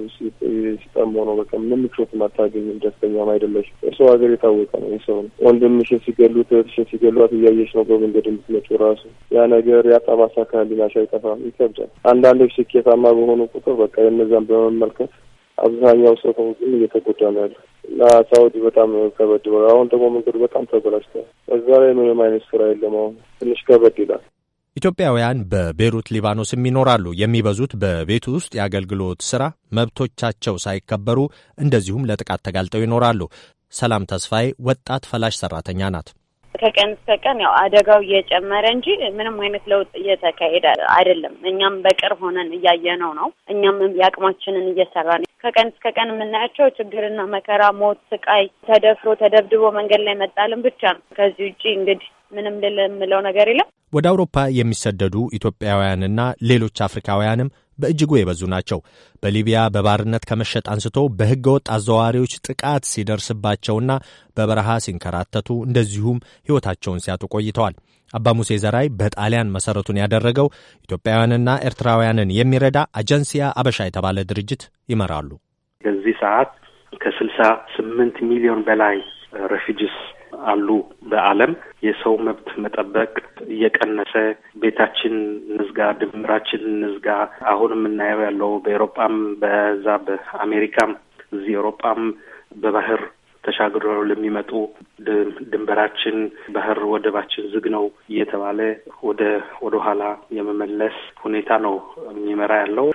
ሲጠሞ ነው። በቃ ምንም ምቾትም አታገኝም፣ ደስተኛም አይደለሽ። የሰው ሀገር የታወቀ ነው። የሰው ነው። ወንድምሽን ሲገሉት እህትሽን ሲገሏት እያየሽ ነው በመንገድ የምትመጪው ራሱ ያ ነገር ያጠባሳ ካሊናሽ አይጠፋም። ይከብዳል። አንዳንዶች ስኬታማ በሆኑ ቁጥር በቃ የነዛን በመመልከት አብዛኛው ሰው ግን እየተጎዳ ነው ያለ እና ሳውዲ በጣም ከበድ አሁን ደግሞ መንገዱ በጣም ተበላሽቷል። በዛ ላይ ምንም አይነት ስራ የለም። አሁን ትንሽ ከበድ ይላል። ኢትዮጵያውያን በቤሩት ሊባኖስም ይኖራሉ። የሚበዙት በቤት ውስጥ የአገልግሎት ሥራ መብቶቻቸው ሳይከበሩ እንደዚሁም ለጥቃት ተጋልጠው ይኖራሉ። ሰላም ተስፋዬ ወጣት ፈላሽ ሰራተኛ ናት። ከቀን እስከ ቀን ያው አደጋው እየጨመረ እንጂ ምንም አይነት ለውጥ እየተካሄደ አይደለም። እኛም በቅርብ ሆነን እያየነው ነው። እኛም የአቅማችንን እየሰራ ነው። ከቀን እስከ ቀን የምናያቸው ችግርና መከራ፣ ሞት፣ ስቃይ፣ ተደፍሮ ተደብድቦ መንገድ ላይ መጣልን ብቻ ነው። ከዚህ ውጭ እንግዲህ ምንም ልል የምለው ነገር የለም። ወደ አውሮፓ የሚሰደዱ ኢትዮጵያውያንና ሌሎች አፍሪካውያንም በእጅጉ የበዙ ናቸው። በሊቢያ በባርነት ከመሸጥ አንስቶ በሕገ ወጥ አዘዋዋሪዎች ጥቃት ሲደርስባቸውና በበረሃ ሲንከራተቱ እንደዚሁም ሕይወታቸውን ሲያጡ ቆይተዋል። አባ ሙሴ ዘራይ በጣሊያን መሠረቱን ያደረገው ኢትዮጵያውያንና ኤርትራውያንን የሚረዳ አጀንሲያ አበሻ የተባለ ድርጅት ይመራሉ። በዚህ ሰዓት ከስልሳ ስምንት ሚሊዮን በላይ ሬፊጂስ አሉ። በዓለም የሰው መብት መጠበቅ እየቀነሰ ቤታችን ንዝጋ፣ ድምራችን ንዝጋ አሁን የምናየው ያለው በኤሮጳም በዛ በአሜሪካም እዚህ ኤሮጳም በባህር ተሻግረው ለሚመጡ ድንበራችን ባህር ወደባችን ዝግ ነው እየተባለ ወደ ወደ ኋላ የመመለስ ሁኔታ ነው የሚመራ ያለው።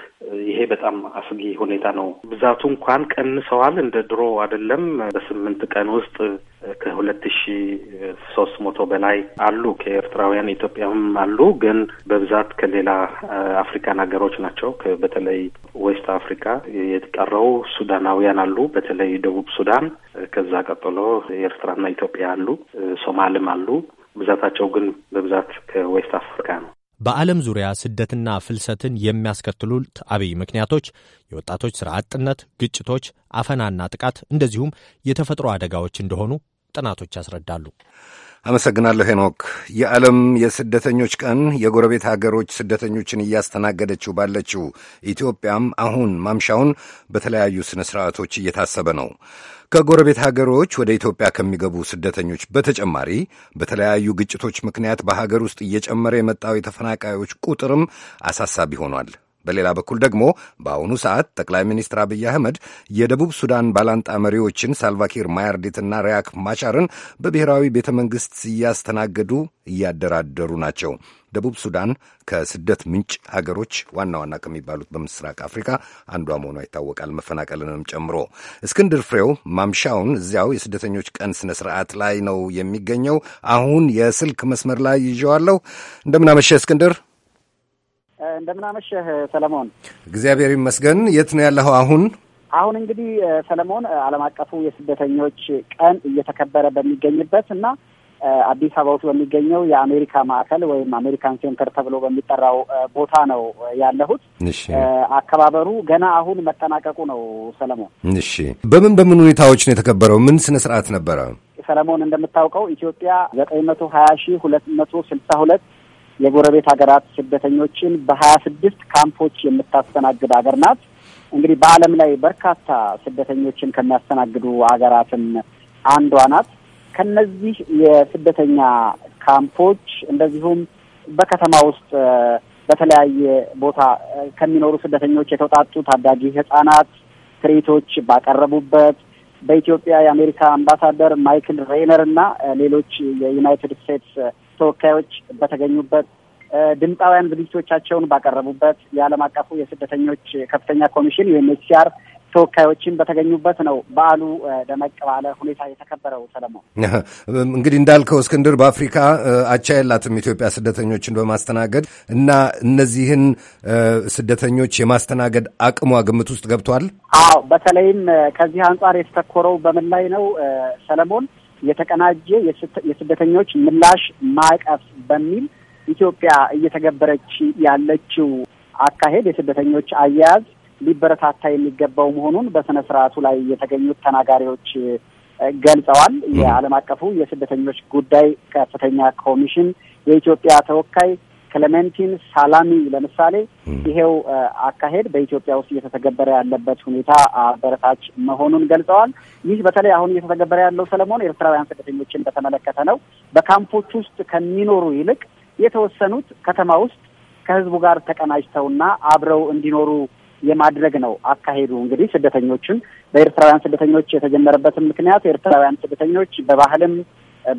ይሄ በጣም አስጊ ሁኔታ ነው። ብዛቱ እንኳን ቀንሰዋል፣ እንደ ድሮ አይደለም። በስምንት ቀን ውስጥ ከሁለት ሺ ሶስት መቶ በላይ አሉ። ከኤርትራውያን ኢትዮጵያም አሉ፣ ግን በብዛት ከሌላ አፍሪካን ሀገሮች ናቸው። በተለይ ዌስት አፍሪካ። የተቀረው ሱዳናውያን አሉ፣ በተለይ ደቡብ ሱዳን። ከዛ ቀጥሎ ኤርትራና ኢትዮጵያ አሉ፣ ሶማልም አሉ። ብዛታቸው ግን በብዛት ከዌስት አፍሪካ ነው። በዓለም ዙሪያ ስደትና ፍልሰትን የሚያስከትሉት አብይ ምክንያቶች የወጣቶች ሥራ አጥነት፣ ግጭቶች፣ አፈናና ጥቃት እንደዚሁም የተፈጥሮ አደጋዎች እንደሆኑ ጥናቶች ያስረዳሉ። አመሰግናለሁ ሄኖክ። የዓለም የስደተኞች ቀን የጎረቤት ሀገሮች ስደተኞችን እያስተናገደችው ባለችው ኢትዮጵያም አሁን ማምሻውን በተለያዩ ሥነ ሥርዓቶች እየታሰበ ነው። ከጎረቤት ሀገሮች ወደ ኢትዮጵያ ከሚገቡ ስደተኞች በተጨማሪ በተለያዩ ግጭቶች ምክንያት በሀገር ውስጥ እየጨመረ የመጣው የተፈናቃዮች ቁጥርም አሳሳቢ ሆኗል። በሌላ በኩል ደግሞ በአሁኑ ሰዓት ጠቅላይ ሚኒስትር አብይ አህመድ የደቡብ ሱዳን ባላንጣ መሪዎችን ሳልቫኪር ማያርዲትና ሪያክ ማቻርን በብሔራዊ ቤተ መንግሥት እያስተናገዱ እያደራደሩ ናቸው። ደቡብ ሱዳን ከስደት ምንጭ ሀገሮች ዋና ዋና ከሚባሉት በምስራቅ አፍሪካ አንዷ መሆኗ ይታወቃል፣ መፈናቀልንም ጨምሮ። እስክንድር ፍሬው ማምሻውን እዚያው የስደተኞች ቀን ስነ ስርዓት ላይ ነው የሚገኘው። አሁን የስልክ መስመር ላይ ይዤዋለሁ። እንደምናመሸ እስክንድር እንደምናመሸህ ሰለሞን። እግዚአብሔር ይመስገን። የት ነው ያለኸው አሁን? አሁን እንግዲህ ሰለሞን ዓለም አቀፉ የስደተኞች ቀን እየተከበረ በሚገኝበት እና አዲስ አበባ ውስጥ በሚገኘው የአሜሪካ ማዕከል ወይም አሜሪካን ሴንተር ተብሎ በሚጠራው ቦታ ነው ያለሁት። አከባበሩ ገና አሁን መጠናቀቁ ነው ሰለሞን። እሺ፣ በምን በምን ሁኔታዎች ነው የተከበረው? ምን ስነ ስርዓት ነበረ ሰለሞን? እንደምታውቀው ኢትዮጵያ ዘጠኝ መቶ ሀያ ሺህ ሁለት መቶ ስልሳ ሁለት የጎረቤት ሀገራት ስደተኞችን በሀያ ስድስት ካምፖች የምታስተናግድ ሀገር ናት። እንግዲህ በዓለም ላይ በርካታ ስደተኞችን ከሚያስተናግዱ ሀገራትም አንዷ ናት። ከነዚህ የስደተኛ ካምፖች እንደዚሁም በከተማ ውስጥ በተለያየ ቦታ ከሚኖሩ ስደተኞች የተውጣጡ ታዳጊ ህጻናት ትርኢቶች ባቀረቡበት በኢትዮጵያ የአሜሪካ አምባሳደር ማይክል ሬይነር እና ሌሎች የዩናይትድ ስቴትስ ተወካዮች በተገኙበት ድምፃውያን ዝግጅቶቻቸውን ባቀረቡበት የዓለም አቀፉ የስደተኞች ከፍተኛ ኮሚሽን ዩኤንኤችሲአር ተወካዮችን በተገኙበት ነው በዓሉ ደመቅ ባለ ሁኔታ የተከበረው። ሰለሞን እንግዲህ እንዳልከው እስክንድር በአፍሪካ አቻ የላትም ኢትዮጵያ ስደተኞችን በማስተናገድ እና እነዚህን ስደተኞች የማስተናገድ አቅሟ ግምት ውስጥ ገብቷል። አዎ፣ በተለይም ከዚህ አንጻር የተተኮረው በምን ላይ ነው ሰለሞን? የተቀናጀ የስደተኞች ምላሽ ማዕቀፍ በሚል ኢትዮጵያ እየተገበረች ያለችው አካሄድ የስደተኞች አያያዝ ሊበረታታ የሚገባው መሆኑን በስነ ስርዓቱ ላይ የተገኙት ተናጋሪዎች ገልጸዋል። የዓለም አቀፉ የስደተኞች ጉዳይ ከፍተኛ ኮሚሽን የኢትዮጵያ ተወካይ ክሌሜንቲን ሳላሚ ለምሳሌ ይሄው አካሄድ በኢትዮጵያ ውስጥ እየተተገበረ ያለበት ሁኔታ አበረታች መሆኑን ገልጸዋል። ይህ በተለይ አሁን እየተተገበረ ያለው ሰለሞን ኤርትራውያን ስደተኞችን በተመለከተ ነው። በካምፖች ውስጥ ከሚኖሩ ይልቅ የተወሰኑት ከተማ ውስጥ ከህዝቡ ጋር ተቀናጅተውና አብረው እንዲኖሩ የማድረግ ነው አካሄዱ። እንግዲህ ስደተኞችን በኤርትራውያን ስደተኞች የተጀመረበትም ምክንያት ኤርትራውያን ስደተኞች በባህልም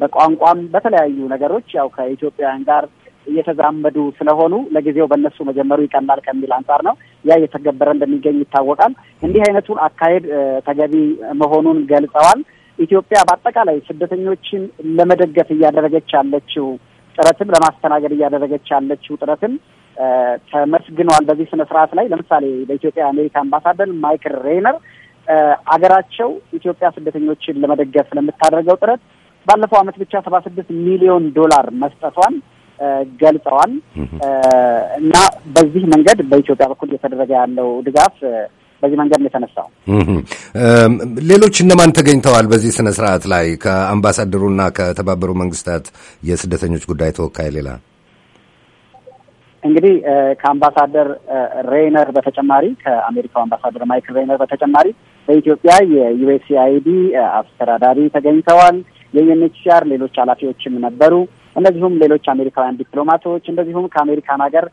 በቋንቋም በተለያዩ ነገሮች ያው ከኢትዮጵያውያን ጋር እየተዛመዱ ስለሆኑ ለጊዜው በእነሱ መጀመሩ ይቀላል ከሚል አንጻር ነው። ያ እየተገበረ እንደሚገኝ ይታወቃል። እንዲህ አይነቱን አካሄድ ተገቢ መሆኑን ገልጸዋል። ኢትዮጵያ በአጠቃላይ ስደተኞችን ለመደገፍ እያደረገች ያለችው ጥረትም ለማስተናገድ እያደረገች ያለችው ጥረትም ተመስግኗል በዚህ ስነ ስርዓት ላይ ለምሳሌ በኢትዮጵያ የአሜሪካ አምባሳደር ማይክል ሬይነር አገራቸው ኢትዮጵያ ስደተኞችን ለመደገፍ ለምታደርገው ጥረት ባለፈው ዓመት ብቻ ሰባ ስድስት ሚሊዮን ዶላር መስጠቷን ገልጸዋል። እና በዚህ መንገድ በኢትዮጵያ በኩል እየተደረገ ያለው ድጋፍ በዚህ መንገድ ነው የተነሳው። ሌሎች እነማን ተገኝተዋል በዚህ ስነ ስርዓት ላይ እና ከተባበሩ መንግስታት የስደተኞች ጉዳይ ተወካይ ሌላ? እንግዲህ ከአምባሳደር ሬይነር በተጨማሪ ከአሜሪካው አምባሳደር ማይክል ሬይነር በተጨማሪ በኢትዮጵያ የዩኤስኤአይዲ አስተዳዳሪ ተገኝተዋል። የዩኤንኤችሲአር ሌሎች ኃላፊዎችም ነበሩ። እንደዚሁም ሌሎች አሜሪካውያን ዲፕሎማቶች እንደዚሁም ከአሜሪካን ሀገር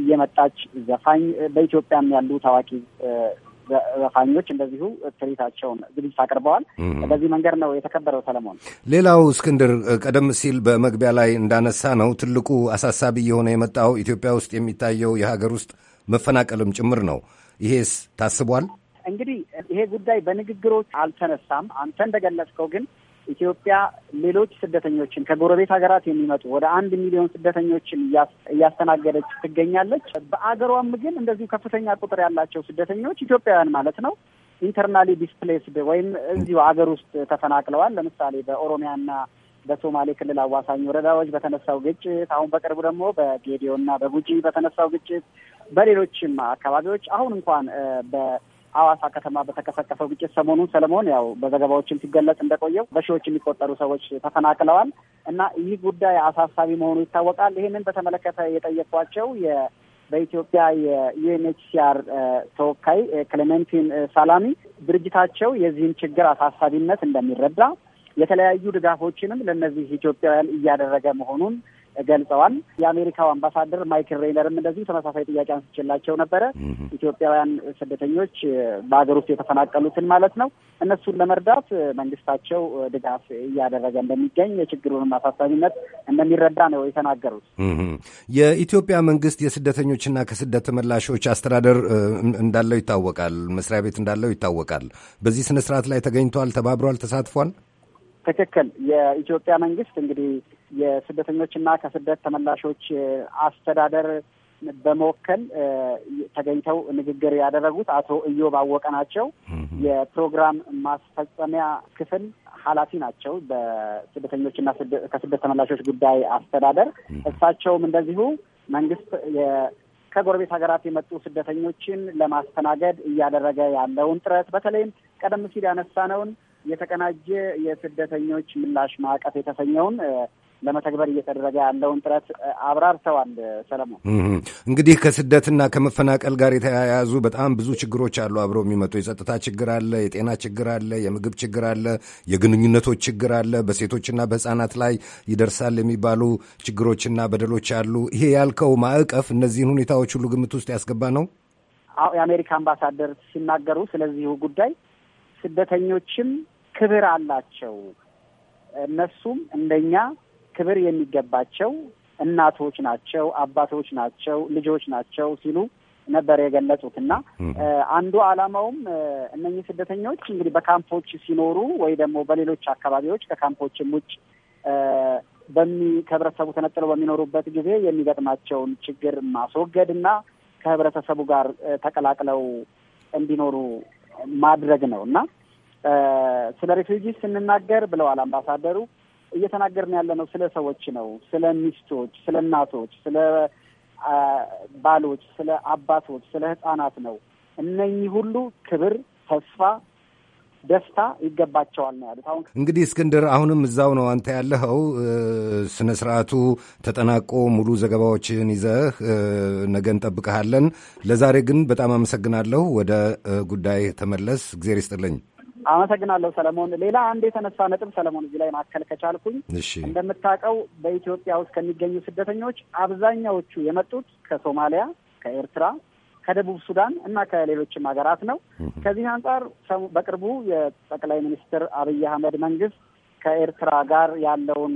እየመጣች ዘፋኝ በኢትዮጵያም ያሉ ታዋቂ ዘፋኞች እንደዚሁ ትርኢታቸውን ዝግጅት አቅርበዋል። በዚህ መንገድ ነው የተከበረው። ሰለሞን፣ ሌላው እስክንድር ቀደም ሲል በመግቢያ ላይ እንዳነሳ ነው ትልቁ አሳሳቢ የሆነ የመጣው ኢትዮጵያ ውስጥ የሚታየው የሀገር ውስጥ መፈናቀልም ጭምር ነው። ይሄስ ታስቧል? እንግዲህ ይሄ ጉዳይ በንግግሮች አልተነሳም። አንተ እንደገለጽከው ግን ኢትዮጵያ ሌሎች ስደተኞችን ከጎረቤት ሀገራት የሚመጡ ወደ አንድ ሚሊዮን ስደተኞችን እያስተናገደች ትገኛለች። በአገሯም ግን እንደዚሁ ከፍተኛ ቁጥር ያላቸው ስደተኞች ኢትዮጵያውያን ማለት ነው ኢንተርናሊ ዲስፕሌስድ ወይም እዚሁ አገር ውስጥ ተፈናቅለዋል። ለምሳሌ በኦሮሚያና በሶማሌ ክልል አዋሳኝ ወረዳዎች በተነሳው ግጭት፣ አሁን በቅርቡ ደግሞ በጌዲዮ በጉጂ በተነሳው ግጭት፣ በሌሎችም አካባቢዎች አሁን እንኳን አዋሳ ከተማ በተቀሰቀሰው ግጭት ሰሞኑን ሰለሞን ያው በዘገባዎችም ሲገለጽ እንደቆየው በሺዎች የሚቆጠሩ ሰዎች ተፈናቅለዋል እና ይህ ጉዳይ አሳሳቢ መሆኑ ይታወቃል። ይህንን በተመለከተ የጠየኳቸው በኢትዮጵያ የዩኤንኤችሲአር ተወካይ ክሌሜንቲን ሳላሚ ድርጅታቸው የዚህን ችግር አሳሳቢነት እንደሚረዳ የተለያዩ ድጋፎችንም ለእነዚህ ኢትዮጵያውያን እያደረገ መሆኑን ገልጸዋል። የአሜሪካው አምባሳደር ማይክል ሬይነርም እንደዚሁ ተመሳሳይ ጥያቄ አንስችላቸው ነበረ። ኢትዮጵያውያን ስደተኞች በሀገር ውስጥ የተፈናቀሉትን ማለት ነው እነሱን ለመርዳት መንግስታቸው ድጋፍ እያደረገ እንደሚገኝ የችግሩንም አሳሳቢነት እንደሚረዳ ነው የተናገሩት። የኢትዮጵያ መንግስት የስደተኞችና ከስደት ተመላሾች አስተዳደር እንዳለው ይታወቃል፣ መስሪያ ቤት እንዳለው ይታወቃል። በዚህ ስነስርዓት ላይ ተገኝቷል፣ ተባብሯል፣ ተሳትፏል። ትክክል። የኢትዮጵያ መንግስት እንግዲህ የስደተኞችና ከስደት ተመላሾች አስተዳደር በመወከል ተገኝተው ንግግር ያደረጉት አቶ እዮብ አወቀ ናቸው። የፕሮግራም ማስፈጸሚያ ክፍል ኃላፊ ናቸው በስደተኞችና ከስደት ተመላሾች ጉዳይ አስተዳደር። እሳቸውም እንደዚሁ መንግስት ከጎረቤት ሀገራት የመጡ ስደተኞችን ለማስተናገድ እያደረገ ያለውን ጥረት በተለይም ቀደም ሲል ያነሳነውን የተቀናጀ የስደተኞች ምላሽ ማዕቀፍ የተሰኘውን ለመተግበር እየተደረገ ያለውን ጥረት አብራርተዋል። ሰለሞን እንግዲህ ከስደትና ከመፈናቀል ጋር የተያያዙ በጣም ብዙ ችግሮች አሉ አብረው የሚመጡ የጸጥታ ችግር አለ፣ የጤና ችግር አለ፣ የምግብ ችግር አለ፣ የግንኙነቶች ችግር አለ፣ በሴቶችና በህፃናት ላይ ይደርሳል የሚባሉ ችግሮችና በደሎች አሉ። ይሄ ያልከው ማዕቀፍ እነዚህን ሁኔታዎች ሁሉ ግምት ውስጥ ያስገባ ነው። የአሜሪካ አምባሳደር ሲናገሩ ስለዚሁ ጉዳይ ስደተኞችም ክብር አላቸው እነሱም እንደኛ ክብር የሚገባቸው እናቶች ናቸው፣ አባቶች ናቸው፣ ልጆች ናቸው ሲሉ ነበር የገለጹት እና አንዱ ዓላማውም እነኚህ ስደተኞች እንግዲህ በካምፖች ሲኖሩ ወይ ደግሞ በሌሎች አካባቢዎች ከካምፖችም ውጭ በሚ ከህብረተሰቡ ተነጥለው በሚኖሩበት ጊዜ የሚገጥማቸውን ችግር ማስወገድ እና ከህብረተሰቡ ጋር ተቀላቅለው እንዲኖሩ ማድረግ ነው እና ስለ ሪፊውጂ ስንናገር ብለዋል አምባሳደሩ እየተናገርን ያለ ነው ስለ ሰዎች ነው፣ ስለ ሚስቶች፣ ስለ እናቶች፣ ስለ ባሎች፣ ስለ አባቶች፣ ስለ ህጻናት ነው። እነኚህ ሁሉ ክብር፣ ተስፋ፣ ደስታ ይገባቸዋል ነው ያሉት። አሁን እንግዲህ እስክንድር አሁንም እዛው ነው አንተ ያለኸው። ስነ ስርዓቱ ተጠናቆ ሙሉ ዘገባዎችን ይዘህ ነገ እንጠብቀሃለን። ለዛሬ ግን በጣም አመሰግናለሁ። ወደ ጉዳይ ተመለስ። እግዜር ይስጥልኝ። አመሰግናለሁ ሰለሞን። ሌላ አንድ የተነሳ ነጥብ ሰለሞን፣ እዚህ ላይ ማከል ከቻልኩኝ እንደምታውቀው በኢትዮጵያ ውስጥ ከሚገኙ ስደተኞች አብዛኛዎቹ የመጡት ከሶማሊያ፣ ከኤርትራ፣ ከደቡብ ሱዳን እና ከሌሎችም ሀገራት ነው። ከዚህ አንጻር በቅርቡ የጠቅላይ ሚኒስትር አብይ አህመድ መንግስት ከኤርትራ ጋር ያለውን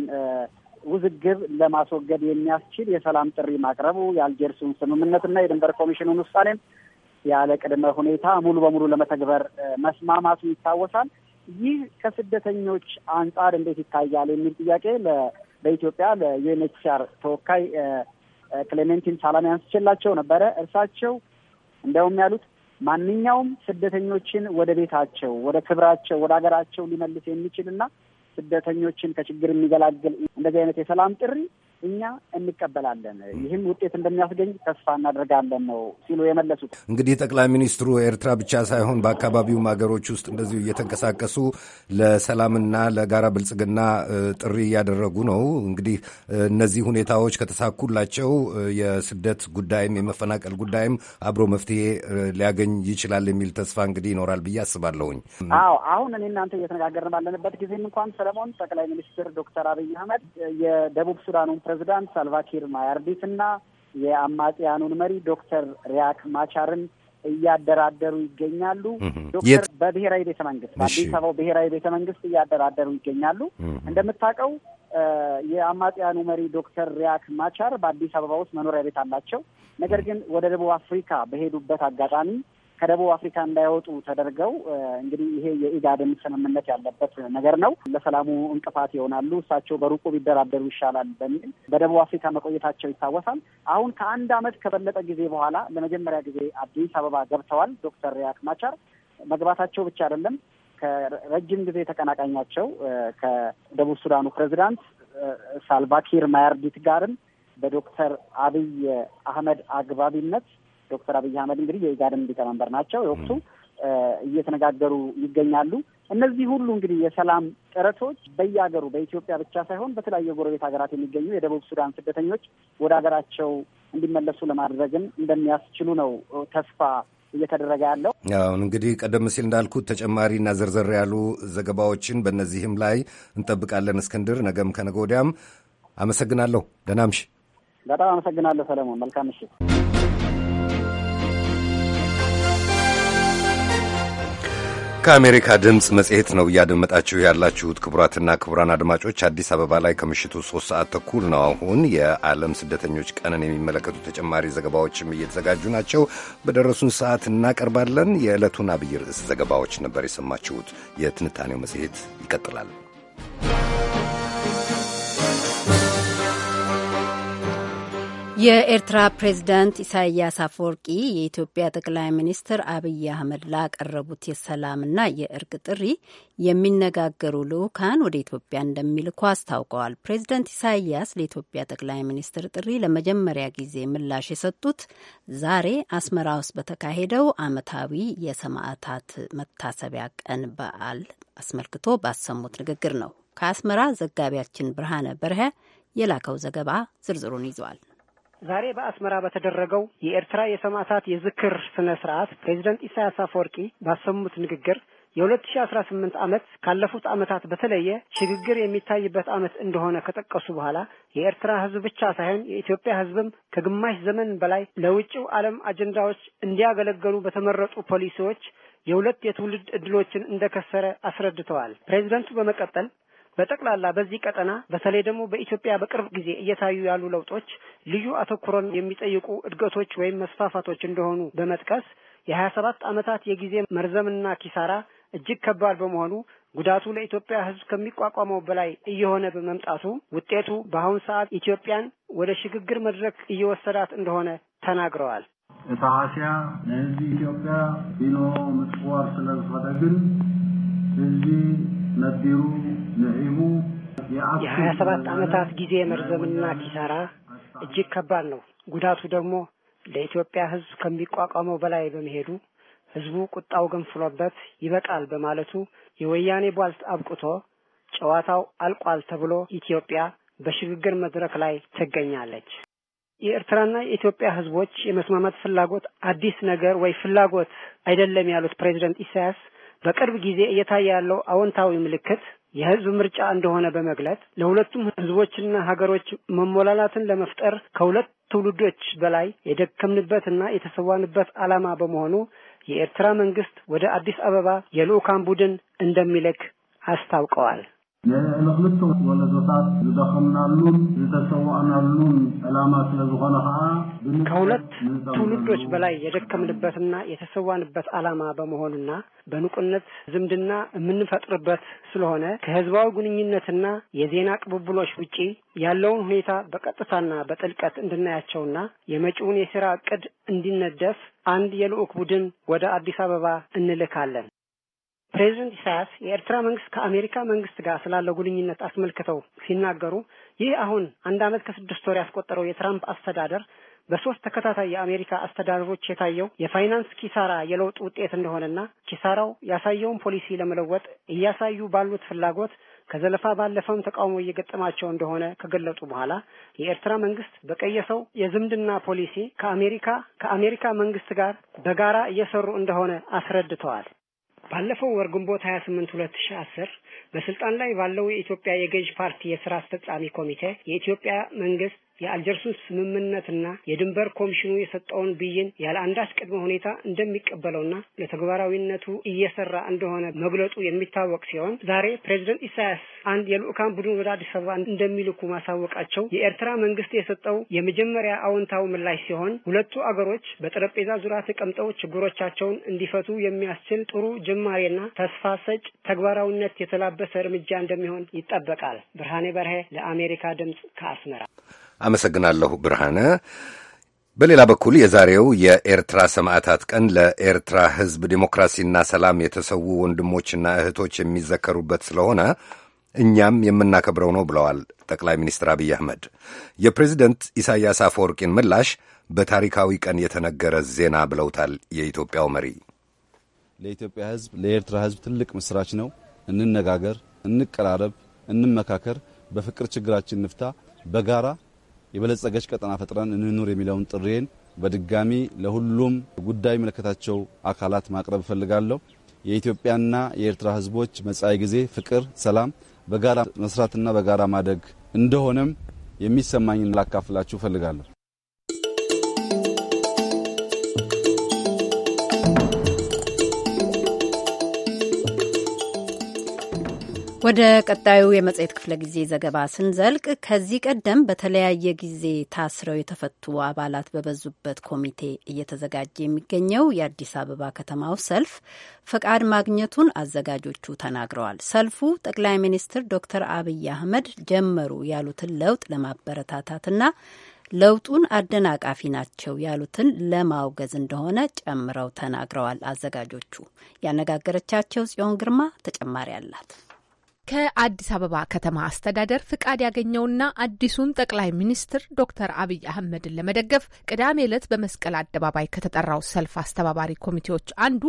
ውዝግብ ለማስወገድ የሚያስችል የሰላም ጥሪ ማቅረቡ የአልጀርሱን ስምምነትና የድንበር ኮሚሽኑን ውሳኔም ያለ ቅድመ ሁኔታ ሙሉ በሙሉ ለመተግበር መስማማቱ ይታወሳል። ይህ ከስደተኞች አንጻር እንዴት ይታያል የሚል ጥያቄ በኢትዮጵያ ለዩኤንኤችሲአር ተወካይ ክሌሜንቲን ሳላሚ አንስቼላቸው ነበረ። እርሳቸው እንደውም ያሉት ማንኛውም ስደተኞችን ወደ ቤታቸው፣ ወደ ክብራቸው፣ ወደ ሀገራቸው ሊመልስ የሚችል እና ስደተኞችን ከችግር የሚገላግል እንደዚህ አይነት የሰላም ጥሪ እኛ እንቀበላለን፣ ይህም ውጤት እንደሚያስገኝ ተስፋ እናደርጋለን ነው ሲሉ የመለሱት። እንግዲህ ጠቅላይ ሚኒስትሩ ኤርትራ ብቻ ሳይሆን በአካባቢውም ሀገሮች ውስጥ እንደዚሁ እየተንቀሳቀሱ ለሰላምና ለጋራ ብልጽግና ጥሪ እያደረጉ ነው። እንግዲህ እነዚህ ሁኔታዎች ከተሳኩላቸው የስደት ጉዳይም የመፈናቀል ጉዳይም አብሮ መፍትሄ ሊያገኝ ይችላል የሚል ተስፋ እንግዲህ ይኖራል ብዬ አስባለሁኝ። አዎ አሁን እኔ እናንተ እየተነጋገርን ባለንበት ጊዜም እንኳን ሰለሞን ጠቅላይ ሚኒስትር ዶክተር አብይ አህመድ የደቡብ ሱዳኑን ፕሬዝዳንት ሳልቫኪር ማያርዲት እና የአማጽያኑን መሪ ዶክተር ሪያክ ማቻርን እያደራደሩ ይገኛሉ። ዶክተር በብሔራዊ ቤተ መንግስት በአዲስ አበባው ብሔራዊ ቤተ መንግስት እያደራደሩ ይገኛሉ። እንደምታውቀው የአማጽያኑ መሪ ዶክተር ሪያክ ማቻር በአዲስ አበባ ውስጥ መኖሪያ ቤት አላቸው። ነገር ግን ወደ ደቡብ አፍሪካ በሄዱበት አጋጣሚ ከደቡብ አፍሪካ እንዳይወጡ ተደርገው እንግዲህ ይሄ የኢጋድን ስምምነት ያለበት ነገር ነው። ለሰላሙ እንቅፋት ይሆናሉ፣ እሳቸው በሩቁ ቢደራደሩ ይሻላል በሚል በደቡብ አፍሪካ መቆየታቸው ይታወሳል። አሁን ከአንድ ዓመት ከበለጠ ጊዜ በኋላ ለመጀመሪያ ጊዜ አዲስ አበባ ገብተዋል። ዶክተር ሪያክ ማቻር መግባታቸው ብቻ አይደለም ከረጅም ጊዜ ተቀናቃኛቸው ከደቡብ ሱዳኑ ፕሬዚዳንት ሳልቫኪር ማያርዲት ጋርም በዶክተር አብይ አህመድ አግባቢነት ዶክተር አብይ አህመድ እንግዲህ የኢጋድም ሊቀመንበር ናቸው የወቅቱ እየተነጋገሩ ይገኛሉ። እነዚህ ሁሉ እንግዲህ የሰላም ጥረቶች በየሀገሩ በኢትዮጵያ ብቻ ሳይሆን በተለያዩ ጎረቤት ሀገራት የሚገኙ የደቡብ ሱዳን ስደተኞች ወደ ሀገራቸው እንዲመለሱ ለማድረግም እንደሚያስችሉ ነው ተስፋ እየተደረገ ያለው። አሁን እንግዲህ ቀደም ሲል እንዳልኩት ተጨማሪና ዘርዘር ያሉ ዘገባዎችን በእነዚህም ላይ እንጠብቃለን። እስክንድር፣ ነገም ከነገ ወዲያም አመሰግናለሁ። ደህና በጣም አመሰግናለሁ ሰለሞን። መልካም ምሽት። ከአሜሪካ ድምፅ መጽሔት ነው እያደመጣችሁ ያላችሁት። ክቡራትና ክቡራን አድማጮች አዲስ አበባ ላይ ከምሽቱ ሶስት ሰዓት ተኩል ነው። አሁን የዓለም ስደተኞች ቀንን የሚመለከቱ ተጨማሪ ዘገባዎችም እየተዘጋጁ ናቸው። በደረሱን ሰዓት እናቀርባለን። የዕለቱን አብይ ርዕስ ዘገባዎች ነበር የሰማችሁት። የትንታኔው መጽሔት ይቀጥላል። የኤርትራ ፕሬዝዳንት ኢሳያስ አፈወርቂ የኢትዮጵያ ጠቅላይ ሚኒስትር አብይ አህመድ ላቀረቡት የሰላምና የእርቅ ጥሪ የሚነጋገሩ ልዑካን ወደ ኢትዮጵያ እንደሚልኩ አስታውቀዋል። ፕሬዝዳንት ኢሳያስ ለኢትዮጵያ ጠቅላይ ሚኒስትር ጥሪ ለመጀመሪያ ጊዜ ምላሽ የሰጡት ዛሬ አስመራ ውስጥ በተካሄደው ዓመታዊ የሰማዕታት መታሰቢያ ቀን በዓል አስመልክቶ ባሰሙት ንግግር ነው። ከአስመራ ዘጋቢያችን ብርሃነ በርሀ የላከው ዘገባ ዝርዝሩን ይዟል። ዛሬ በአስመራ በተደረገው የኤርትራ የሰማዕታት የዝክር ስነ ስርዓት ፕሬዚደንት ኢሳያስ አፈወርቂ ባሰሙት ንግግር የ2018 ዓመት ካለፉት ዓመታት በተለየ ሽግግር የሚታይበት ዓመት እንደሆነ ከጠቀሱ በኋላ የኤርትራ ሕዝብ ብቻ ሳይሆን የኢትዮጵያ ሕዝብም ከግማሽ ዘመን በላይ ለውጭው ዓለም አጀንዳዎች እንዲያገለገሉ በተመረጡ ፖሊሲዎች የሁለት የትውልድ ዕድሎችን እንደከሰረ አስረድተዋል። ፕሬዚደንቱ በመቀጠል በጠቅላላ በዚህ ቀጠና በተለይ ደግሞ በኢትዮጵያ በቅርብ ጊዜ እየታዩ ያሉ ለውጦች ልዩ አተኩሮን የሚጠይቁ እድገቶች ወይም መስፋፋቶች እንደሆኑ በመጥቀስ የሀያ ሰባት ዓመታት የጊዜ መርዘምና ኪሳራ እጅግ ከባድ በመሆኑ ጉዳቱ ለኢትዮጵያ ሕዝብ ከሚቋቋመው በላይ እየሆነ በመምጣቱ ውጤቱ በአሁኑ ሰዓት ኢትዮጵያን ወደ ሽግግር መድረክ እየወሰዳት እንደሆነ ተናግረዋል። እታ አስያ ኢትዮጵያ ቢኖ ምጽዋር ስለ ግን ነቢሩ የሀያ ሰባት ዓመታት ጊዜ መርዘምና ኪሳራ እጅግ ከባድ ነው። ጉዳቱ ደግሞ ለኢትዮጵያ ህዝብ ከሚቋቋመው በላይ በመሄዱ ህዝቡ ቁጣው ገንፍሎበት ይበቃል በማለቱ የወያኔ ቧልት አብቅቶ ጨዋታው አልቋል ተብሎ ኢትዮጵያ በሽግግር መድረክ ላይ ትገኛለች። የኤርትራና የኢትዮጵያ ህዝቦች የመስማማት ፍላጎት አዲስ ነገር ወይ ፍላጎት አይደለም ያሉት ፕሬዚደንት ኢሳያስ በቅርብ ጊዜ እየታየ ያለው አዎንታዊ ምልክት የህዝብ ምርጫ እንደሆነ በመግለጽ ለሁለቱም ህዝቦችና ሀገሮች መሞላላትን ለመፍጠር ከሁለት ትውልዶች በላይ የደከምንበትና የተሰዋንበት ዓላማ በመሆኑ የኤርትራ መንግስት ወደ አዲስ አበባ የልዑካን ቡድን እንደሚልክ አስታውቀዋል። ንክልቱም ወለዶታት ዝደኸምናሉን ዝተሰዋእናሉን ዕላማ ስለ ዝኾነ ከዓ ከሁለት ትውልዶች በላይ የደከምንበትና የተሰዋንበት ዓላማ በመሆኑና በንቁነት ዝምድና የምንፈጥርበት ስለሆነ ከህዝባዊ ግንኙነትና የዜና ቅብብሎች ውጪ ያለውን ሁኔታ በቀጥታና በጥልቀት እንድናያቸውና የመጪውን የስራ እቅድ እንዲነደፍ አንድ የልዑክ ቡድን ወደ አዲስ አበባ እንልካለን። ፕሬዚደንት ኢሳያስ የኤርትራ መንግስት ከአሜሪካ መንግስት ጋር ስላለው ግንኙነት አስመልክተው ሲናገሩ ይህ አሁን አንድ ዓመት ከስድስት ወር ያስቆጠረው የትራምፕ አስተዳደር በሶስት ተከታታይ የአሜሪካ አስተዳደሮች የታየው የፋይናንስ ኪሳራ የለውጥ ውጤት እንደሆነና ኪሳራው ያሳየውን ፖሊሲ ለመለወጥ እያሳዩ ባሉት ፍላጎት ከዘለፋ ባለፈም ተቃውሞ እየገጠማቸው እንደሆነ ከገለጡ በኋላ የኤርትራ መንግስት በቀየሰው የዝምድና ፖሊሲ ከአሜሪካ ከአሜሪካ መንግስት ጋር በጋራ እየሰሩ እንደሆነ አስረድተዋል። ባለፈው ወር ግንቦት 28 2010 በስልጣን ላይ ባለው የኢትዮጵያ የገዥ ፓርቲ የስራ አስፈጻሚ ኮሚቴ የኢትዮጵያ መንግስት የአልጀርሱ ስምምነትና የድንበር ኮሚሽኑ የሰጠውን ብይን ያለ አንዳች ቅድመ ሁኔታ እንደሚቀበለውና ለተግባራዊነቱ እየሰራ እንደሆነ መግለጡ የሚታወቅ ሲሆን ዛሬ ፕሬዝደንት ኢሳያስ አንድ የልኡካን ቡድን ወደ አዲስ አበባ እንደሚልኩ ማሳወቃቸው የኤርትራ መንግስት የሰጠው የመጀመሪያ አዎንታዊ ምላሽ ሲሆን ሁለቱ አገሮች በጠረጴዛ ዙሪያ ተቀምጠው ችግሮቻቸውን እንዲፈቱ የሚያስችል ጥሩ ጅማሬና ተስፋ ሰጭ ተግባራዊነት የተላበሰ እርምጃ እንደሚሆን ይጠበቃል። ብርሃኔ በርሄ ለአሜሪካ ድምፅ ከአስመራ አመሰግናለሁ ብርሃነ። በሌላ በኩል የዛሬው የኤርትራ ሰማዕታት ቀን ለኤርትራ ሕዝብ ዴሞክራሲና ሰላም የተሰዉ ወንድሞችና እህቶች የሚዘከሩበት ስለሆነ እኛም የምናከብረው ነው ብለዋል ጠቅላይ ሚኒስትር አብይ አህመድ። የፕሬዚደንት ኢሳያስ አፈወርቂን ምላሽ በታሪካዊ ቀን የተነገረ ዜና ብለውታል የኢትዮጵያው መሪ። ለኢትዮጵያ ሕዝብ ለኤርትራ ሕዝብ ትልቅ ምስራች ነው። እንነጋገር፣ እንቀራረብ፣ እንመካከር፣ በፍቅር ችግራችን ንፍታ በጋራ የበለጸገች ቀጠና ፈጥረን እንኑር የሚለውን ጥሬን በድጋሚ ለሁሉም ጉዳይ የሚመለከታቸው አካላት ማቅረብ እፈልጋለሁ። የኢትዮጵያና የኤርትራ ህዝቦች መጻኢ ጊዜ ፍቅር፣ ሰላም፣ በጋራ መስራትና በጋራ ማደግ እንደሆነም የሚሰማኝን ላካፍላችሁ እፈልጋለሁ። ወደ ቀጣዩ የመጽሔት ክፍለ ጊዜ ዘገባ ስንዘልቅ ከዚህ ቀደም በተለያየ ጊዜ ታስረው የተፈቱ አባላት በበዙበት ኮሚቴ እየተዘጋጀ የሚገኘው የአዲስ አበባ ከተማው ሰልፍ ፈቃድ ማግኘቱን አዘጋጆቹ ተናግረዋል። ሰልፉ ጠቅላይ ሚኒስትር ዶክተር አብይ አህመድ ጀመሩ ያሉትን ለውጥ ለማበረታታትና ለውጡን አደናቃፊ ናቸው ያሉትን ለማውገዝ እንደሆነ ጨምረው ተናግረዋል አዘጋጆቹ። ያነጋገረቻቸው ጽዮን ግርማ ተጨማሪ አላት። ከአዲስ አበባ ከተማ አስተዳደር ፍቃድ ያገኘውና አዲሱን ጠቅላይ ሚኒስትር ዶክተር አብይ አህመድን ለመደገፍ ቅዳሜ ዕለት በመስቀል አደባባይ ከተጠራው ሰልፍ አስተባባሪ ኮሚቴዎች አንዱ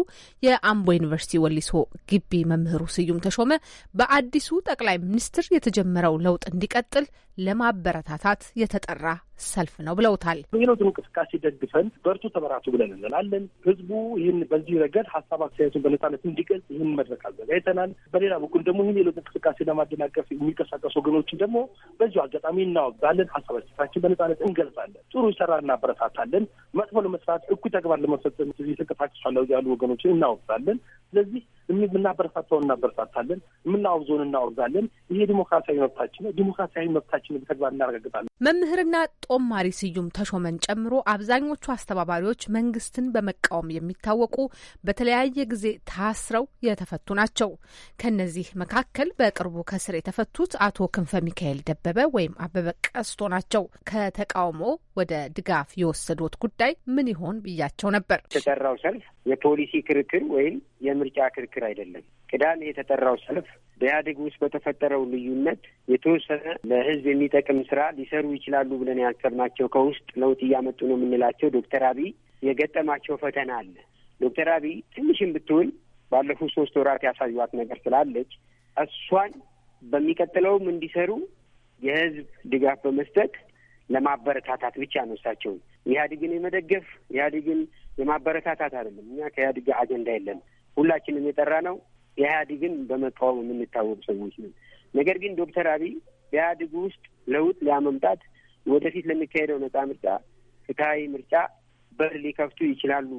የአምቦ ዩኒቨርሲቲ ወሊሶ ግቢ መምህሩ ስዩም ተሾመ በአዲሱ ጠቅላይ ሚኒስትር የተጀመረው ለውጥ እንዲቀጥል ለማበረታታት የተጠራ ሰልፍ ነው ብለውታል። የለውጡን እንቅስቃሴ ደግፈን በርቱ፣ ተበራቱ ብለን እንላለን። ህዝቡ ይህን በዚህ ረገድ ሀሳብ አስተያየቱን በነፃነት እንዲገልጽ ይህን መድረክ አዘጋጅተናል። በሌላ በኩል ደግሞ ይህን የለውጥ እንቅስቃሴ ለማደናቀፍ የሚንቀሳቀሱ ወገኖችን ደግሞ በዚሁ አጋጣሚ እናወግዛለን። ሀሳብ አስተያየታችን በነፃነት እንገልጻለን። ጥሩ ይሰራ እናበረታታለን። መጥፎ ለመስራት እኩይ ተግባር ለመፈጸም ተንቀሳቅሷል ያሉ ወገኖችን እናወግዛለን። ስለዚህ የምናበረታታውን እናበረታታለን፣ የምናወግዘውን እናወግዛለን። ይሄ ዲሞክራሲያዊ መብታችን ነው። ዲሞክራሲያዊ መብታችን በተግባር እናረጋግጣለን። መምህርና ጦማሪ ስዩም ተሾመን ጨምሮ አብዛኞቹ አስተባባሪዎች መንግስትን በመቃወም የሚታወቁ በተለያየ ጊዜ ታስረው የተፈቱ ናቸው። ከነዚህ መካከል በቅርቡ ከስር የተፈቱት አቶ ክንፈ ሚካኤል ደበበ ወይም አበበ ቀስቶ ናቸው። ከተቃውሞ ወደ ድጋፍ የወሰዱት ጉዳይ ምን ይሆን ብያቸው ነበር። የተጠራው ሰልፍ የፖሊሲ ክርክር ወይም የምርጫ ክርክር አይደለም። ቅዳሜ የተጠራው ሰልፍ በኢህአዴግ ውስጥ በተፈጠረው ልዩነት የተወሰነ ለህዝብ የሚጠቅም ስራ ሊሰሩ ይችላሉ ብለን ያሰብናቸው ከውስጥ ለውጥ እያመጡ ነው የምንላቸው ዶክተር አብይ የገጠማቸው ፈተና አለ። ዶክተር አብይ ትንሽም ብትውል ባለፉት ሶስት ወራት ያሳዩት ነገር ስላለች እሷን በሚቀጥለውም እንዲሰሩ የህዝብ ድጋፍ በመስጠት ለማበረታታት ብቻ ነው እሳቸውን ኢህአዴግን የመደገፍ ኢህአዴግን የማበረታታት አይደለም። እኛ ከኢህአዴግ አጀንዳ የለም። ሁላችንም የጠራ ነው የኢህአዴግን በመቃወም የምንታወቅ ሰዎች ነን። ነገር ግን ዶክተር አብይ በኢህአዴግ ውስጥ ለውጥ ሊያመምጣት ወደፊት ለሚካሄደው ነጻ ምርጫ፣ ፍትሀዊ ምርጫ በር ሊከፍቱ ይችላሉ።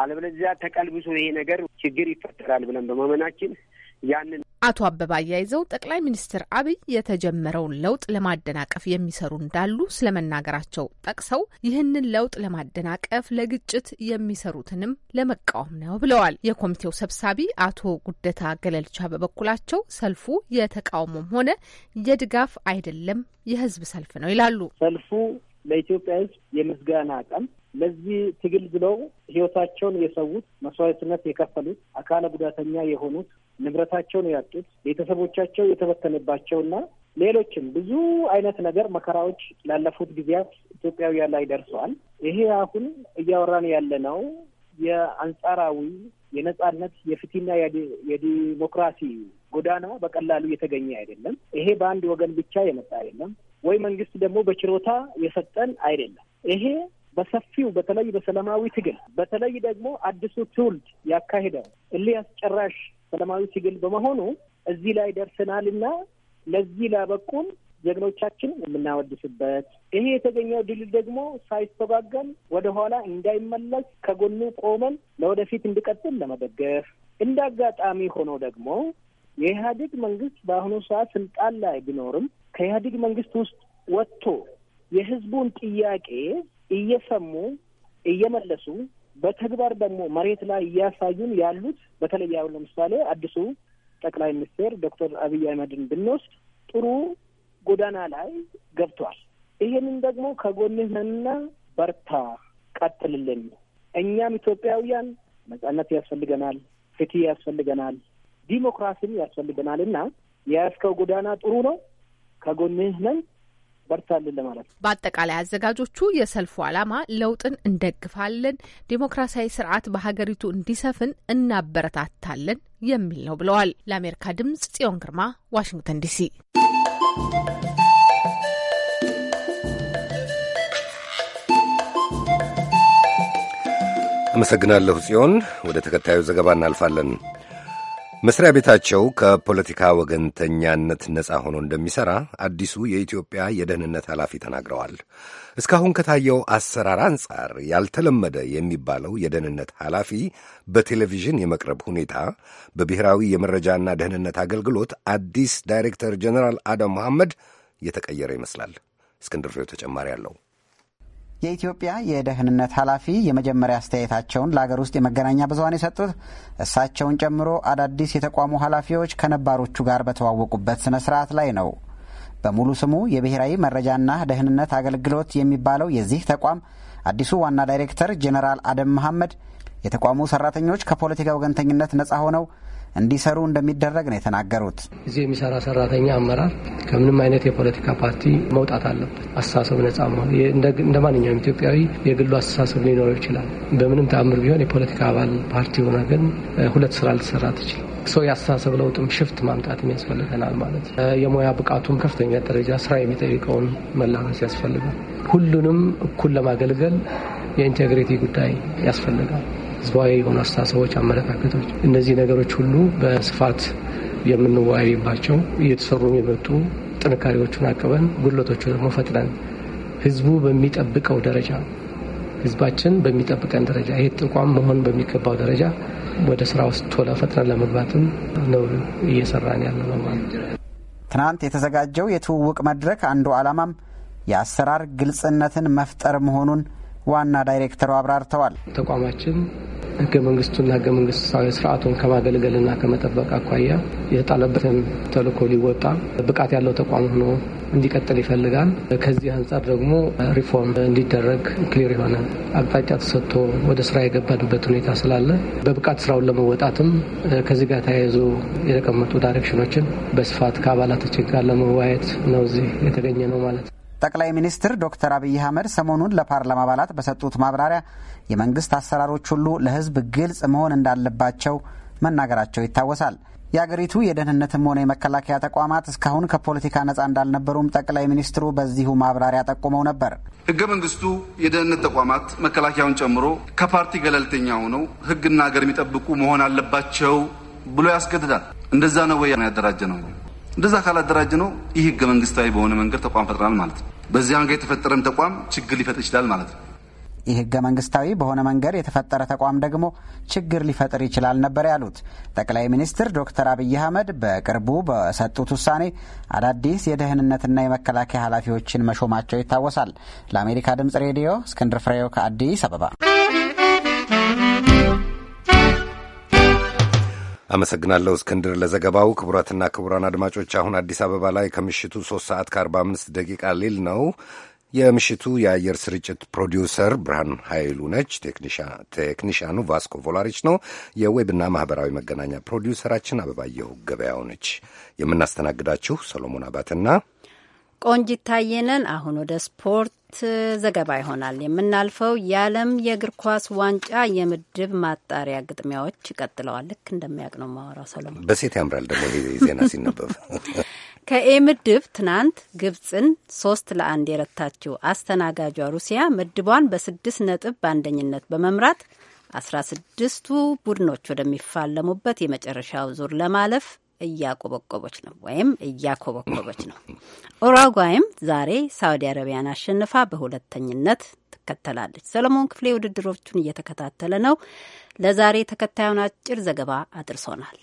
አለበለዚያ ተቀልብሶ ይሄ ነገር ችግር ይፈጠራል ብለን በማመናችን ያንን አቶ አበባ አያይዘው ጠቅላይ ሚኒስትር አብይ የተጀመረውን ለውጥ ለማደናቀፍ የሚሰሩ እንዳሉ ስለመናገራቸው ጠቅሰው ይህንን ለውጥ ለማደናቀፍ ለግጭት የሚሰሩትንም ለመቃወም ነው ብለዋል። የኮሚቴው ሰብሳቢ አቶ ጉደታ ገለልቻ በበኩላቸው ሰልፉ የተቃውሞም ሆነ የድጋፍ አይደለም፣ የህዝብ ሰልፍ ነው ይላሉ። ሰልፉ ለኢትዮጵያ ህዝብ የምስጋና ቀን ለዚህ ትግል ብለው ህይወታቸውን የሰዉት መስዋዕትነት የከፈሉት አካለ ጉዳተኛ የሆኑት ንብረታቸውን ያጡት ቤተሰቦቻቸው የተበተነባቸውና ሌሎችም ብዙ አይነት ነገር መከራዎች ላለፉት ጊዜያት ኢትዮጵያውያን ላይ ደርሰዋል። ይሄ አሁን እያወራን ያለነው የአንጻራዊ የነጻነት የፍትህና የዲሞክራሲ ጎዳና በቀላሉ የተገኘ አይደለም። ይሄ በአንድ ወገን ብቻ የመጣ አይደለም፣ ወይ መንግስት ደግሞ በችሮታ የሰጠን አይደለም። ይሄ በሰፊው በተለይ በሰላማዊ ትግል በተለይ ደግሞ አዲሱ ትውልድ ያካሄደው እልህ አስጨራሽ ሰላማዊ ትግል በመሆኑ እዚህ ላይ ደርሰናል ለዚህ ላበቁን ጀግኖቻችን የምናወድስበት ይሄ የተገኘው ድል ደግሞ ሳይስተጓገል ወደኋላ እንዳይመለስ ከጎኑ ቆመን ለወደፊት እንዲቀጥል ለመደገፍ እንደ አጋጣሚ ሆኖ ደግሞ የኢህአዴግ መንግስት በአሁኑ ሰዓት ስልጣን ላይ ቢኖርም ከኢህአዴግ መንግስት ውስጥ ወጥቶ የህዝቡን ጥያቄ እየሰሙ እየመለሱ በተግባር ደግሞ መሬት ላይ እያሳዩን ያሉት በተለይ አሁን ለምሳሌ አዲሱ ጠቅላይ ሚኒስትር ዶክተር አብይ አህመድን ብንወስድ ጥሩ ጎዳና ላይ ገብቷል። ይሄንን ደግሞ ከጎንህ ነንና በርታ፣ ቀጥልልን። እኛም ኢትዮጵያውያን ነጻነት ያስፈልገናል፣ ፍትህ ያስፈልገናል፣ ዲሞክራሲም ያስፈልገናል እና የያዝከው ጎዳና ጥሩ ነው፣ ከጎንህ ነን በርታልን ለማለት ነው። በአጠቃላይ አዘጋጆቹ የሰልፉ ዓላማ ለውጥን እንደግፋለን፣ ዴሞክራሲያዊ ስርዓት በሀገሪቱ እንዲሰፍን እናበረታታለን የሚል ነው ብለዋል። ለአሜሪካ ድምጽ ጽዮን ግርማ ዋሽንግተን ዲሲ። አመሰግናለሁ ጽዮን። ወደ ተከታዩ ዘገባ እናልፋለን። መስሪያ ቤታቸው ከፖለቲካ ወገንተኛነት ነጻ ሆኖ እንደሚሠራ አዲሱ የኢትዮጵያ የደህንነት ኃላፊ ተናግረዋል። እስካሁን ከታየው አሰራር አንጻር ያልተለመደ የሚባለው የደህንነት ኃላፊ በቴሌቪዥን የመቅረብ ሁኔታ በብሔራዊ የመረጃና ደህንነት አገልግሎት አዲስ ዳይሬክተር ጀኔራል አደም መሐመድ የተቀየረ ይመስላል። እስክንድር ፍሬው ተጨማሪ አለው። የኢትዮጵያ የደህንነት ኃላፊ የመጀመሪያ አስተያየታቸውን ለአገር ውስጥ የመገናኛ ብዙኃን የሰጡት እሳቸውን ጨምሮ አዳዲስ የተቋሙ ኃላፊዎች ከነባሮቹ ጋር በተዋወቁበት ስነ ስርዓት ላይ ነው። በሙሉ ስሙ የብሔራዊ መረጃና ደህንነት አገልግሎት የሚባለው የዚህ ተቋም አዲሱ ዋና ዳይሬክተር ጄኔራል አደም መሐመድ የተቋሙ ሰራተኞች ከፖለቲካ ወገንተኝነት ነጻ ሆነው እንዲሰሩ እንደሚደረግ ነው የተናገሩት። እዚህ የሚሰራ ሰራተኛ አመራር ከምንም አይነት የፖለቲካ ፓርቲ መውጣት አለበት። አስተሳሰብ ነጻ መሆን እንደ ማንኛውም ኢትዮጵያዊ የግሉ አስተሳሰብ ሊኖረው ይችላል። በምንም ተአምር ቢሆን የፖለቲካ አባል ፓርቲ ሆነ ግን ሁለት ስራ ልትሰራ ትችላል ሰው የአስተሳሰብ ለውጥም ሽፍት ማምጣትም ያስፈልገናል ማለት የሙያ ብቃቱም ከፍተኛ ደረጃ ስራ የሚጠይቀውን መላበስ ያስፈልጋል። ሁሉንም እኩል ለማገልገል የኢንቴግሪቲ ጉዳይ ያስፈልጋል። ዘዋይ የሆኑ አስተሳሰቦች፣ አመለካከቶች እነዚህ ነገሮች ሁሉ በስፋት የምንወያይባቸው እየተሰሩም የመጡ ጥንካሬዎቹን አቅበን ጉድለቶቹ ደግሞ ፈጥነን ህዝቡ በሚጠብቀው ደረጃ ህዝባችን በሚጠብቀን ደረጃ ይህ ተቋም መሆን በሚገባው ደረጃ ወደ ስራ ውስጥ ቶሎ ፈጥነን ለመግባትም ነው እየሰራን ነው ማለት ትናንት የተዘጋጀው የትውውቅ መድረክ አንዱ ዓላማም የአሰራር ግልጽነትን መፍጠር መሆኑን ዋና ዳይሬክተሩ አብራርተዋል። ተቋማችን ህገ መንግስቱና ህገ መንግስታዊ ስርአቱን ከማገልገልና ከመጠበቅ አኳያ የተጣለበትን ተልእኮ ሊወጣ ብቃት ያለው ተቋም ሆኖ እንዲቀጥል ይፈልጋል። ከዚህ አንጻር ደግሞ ሪፎርም እንዲደረግ ክሊር የሆነ አቅጣጫ ተሰጥቶ ወደ ስራ የገባንበት ሁኔታ ስላለ በብቃት ስራውን ለመወጣትም ከዚህ ጋር ተያይዞ የተቀመጡ ዳይሬክሽኖችን በስፋት ከአባላቶችን ጋር ለመወያየት ነው እዚህ የተገኘ ነው ማለት ነው። ጠቅላይ ሚኒስትር ዶክተር አብይ አህመድ ሰሞኑን ለፓርላማ አባላት በሰጡት ማብራሪያ የመንግስት አሰራሮች ሁሉ ለህዝብ ግልጽ መሆን እንዳለባቸው መናገራቸው ይታወሳል። የአገሪቱ የደህንነትም ሆነ የመከላከያ ተቋማት እስካሁን ከፖለቲካ ነጻ እንዳልነበሩም ጠቅላይ ሚኒስትሩ በዚሁ ማብራሪያ ጠቁመው ነበር። ህገ መንግስቱ የደህንነት ተቋማት መከላከያውን ጨምሮ ከፓርቲ ገለልተኛ ሆነው ህግና ሀገር የሚጠብቁ መሆን አለባቸው ብሎ ያስገድዳል። እንደዛ ነው ወይ ያደራጀ ነው? እንደዛ ካላደራጀ ነው ይህ ህገ መንግስታዊ በሆነ መንገድ ተቋም ፈጥራል ማለት ነው። በዚያን ጋር የተፈጠረም ተቋም ችግር ሊፈጥ ይችላል ማለት ነው። ይህ ህገ መንግስታዊ በሆነ መንገድ የተፈጠረ ተቋም ደግሞ ችግር ሊፈጥር ይችላል ነበር ያሉት ጠቅላይ ሚኒስትር ዶክተር አብይ አህመድ በቅርቡ በሰጡት ውሳኔ አዳዲስ የደህንነትና የመከላከያ ኃላፊዎችን መሾማቸው ይታወሳል። ለአሜሪካ ድምጽ ሬዲዮ እስክንድር ፍሬው ከአዲስ አበባ አመሰግናለሁ እስክንድር ለዘገባው። ክቡራትና ክቡራን አድማጮች አሁን አዲስ አበባ ላይ ከምሽቱ 3 ሰዓት ከ45 ደቂቃ ሌል ነው። የምሽቱ የአየር ስርጭት ፕሮዲውሰር ብርሃን ኃይሉ ነች። ቴክኒሽያኑ ቫስኮ ቮላሪች ነው። የዌብና ማህበራዊ መገናኛ ፕሮዲውሰራችን አበባየሁ ገበያው ነች። የምናስተናግዳችሁ ሰሎሞን አባትና ቆንጂት ታየነን። አሁን ወደ ስፖርት ዘገባ ይሆናል የምናልፈው። የዓለም የእግር ኳስ ዋንጫ የምድብ ማጣሪያ ግጥሚያዎች ቀጥለዋል። ልክ እንደሚያውቅ ነው ማወራው ሰሎሞን። በሴት ያምራል ደግሞ ዜና ሲነበብ ከኤ ምድብ ትናንት ግብፅን ሶስት ለአንድ የረታችው አስተናጋጇ ሩሲያ ምድቧን በስድስት ነጥብ በአንደኝነት በመምራት አስራ ስድስቱ ቡድኖች ወደሚፋለሙበት የመጨረሻው ዙር ለማለፍ እያቆበቆበች ነው ወይም እያኮበኮበች ነው። ኡራጓይም ዛሬ ሳውዲ አረቢያን አሸንፋ በሁለተኝነት ትከተላለች። ሰለሞን ክፍሌ ውድድሮቹን እየተከታተለ ነው። ለዛሬ ተከታዩን አጭር ዘገባ አድርሶናል።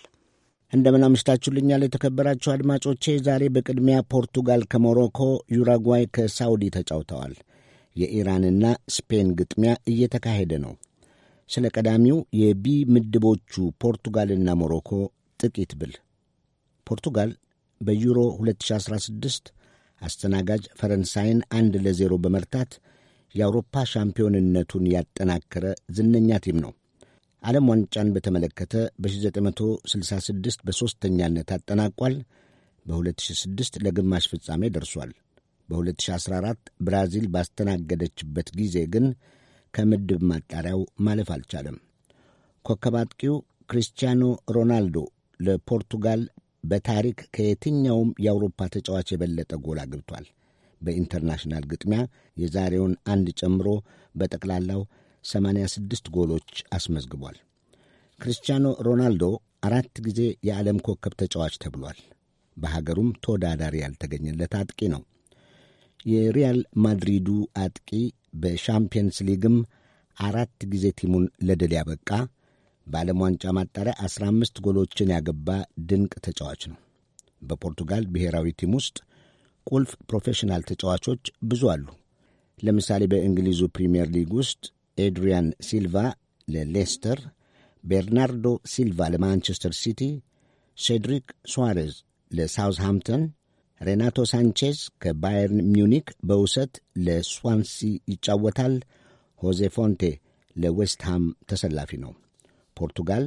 እንደምን አምሽታችሁልኛል የተከበራችሁ አድማጮቼ። ዛሬ በቅድሚያ ፖርቱጋል ከሞሮኮ፣ ዩራጓይ ከሳውዲ ተጫውተዋል። የኢራንና ስፔን ግጥሚያ እየተካሄደ ነው። ስለ ቀዳሚው የቢ ምድቦቹ ፖርቱጋልና ሞሮኮ ጥቂት ብል ፖርቱጋል በዩሮ 2016 አስተናጋጅ ፈረንሳይን አንድ ለዜሮ በመርታት የአውሮፓ ሻምፒዮንነቱን ያጠናከረ ዝነኛ ቲም ነው። ዓለም ዋንጫን በተመለከተ በ1966 በሦስተኛነት አጠናቋል። በ2006 ለግማሽ ፍጻሜ ደርሷል። በ2014 ብራዚል ባስተናገደችበት ጊዜ ግን ከምድብ ማጣሪያው ማለፍ አልቻለም። ኮከብ አጥቂው ክሪስቲያኖ ሮናልዶ ለፖርቱጋል በታሪክ ከየትኛውም የአውሮፓ ተጫዋች የበለጠ ጎል አግብቷል። በኢንተርናሽናል ግጥሚያ የዛሬውን አንድ ጨምሮ በጠቅላላው 86 ጎሎች አስመዝግቧል። ክርስቲያኖ ሮናልዶ አራት ጊዜ የዓለም ኮከብ ተጫዋች ተብሏል። በሀገሩም ተወዳዳሪ ያልተገኘለት አጥቂ ነው። የሪያል ማድሪዱ አጥቂ በሻምፒየንስ ሊግም አራት ጊዜ ቲሙን ለድል ያበቃ በዓለም ዋንጫ ማጣሪያ 15 ጎሎችን ያገባ ድንቅ ተጫዋች ነው። በፖርቱጋል ብሔራዊ ቲም ውስጥ ቁልፍ ፕሮፌሽናል ተጫዋቾች ብዙ አሉ። ለምሳሌ በእንግሊዙ ፕሪምየር ሊግ ውስጥ ኤድሪያን ሲልቫ ለሌስተር፣ ቤርናርዶ ሲልቫ ለማንቸስተር ሲቲ፣ ሴድሪክ ሱዋሬዝ ለሳውዝሃምፕተን፣ ሬናቶ ሳንቼዝ ከባየርን ሚውኒክ በውሰት ለስዋንሲ ይጫወታል። ሆዜ ፎንቴ ለዌስትሃም ተሰላፊ ነው። ፖርቱጋል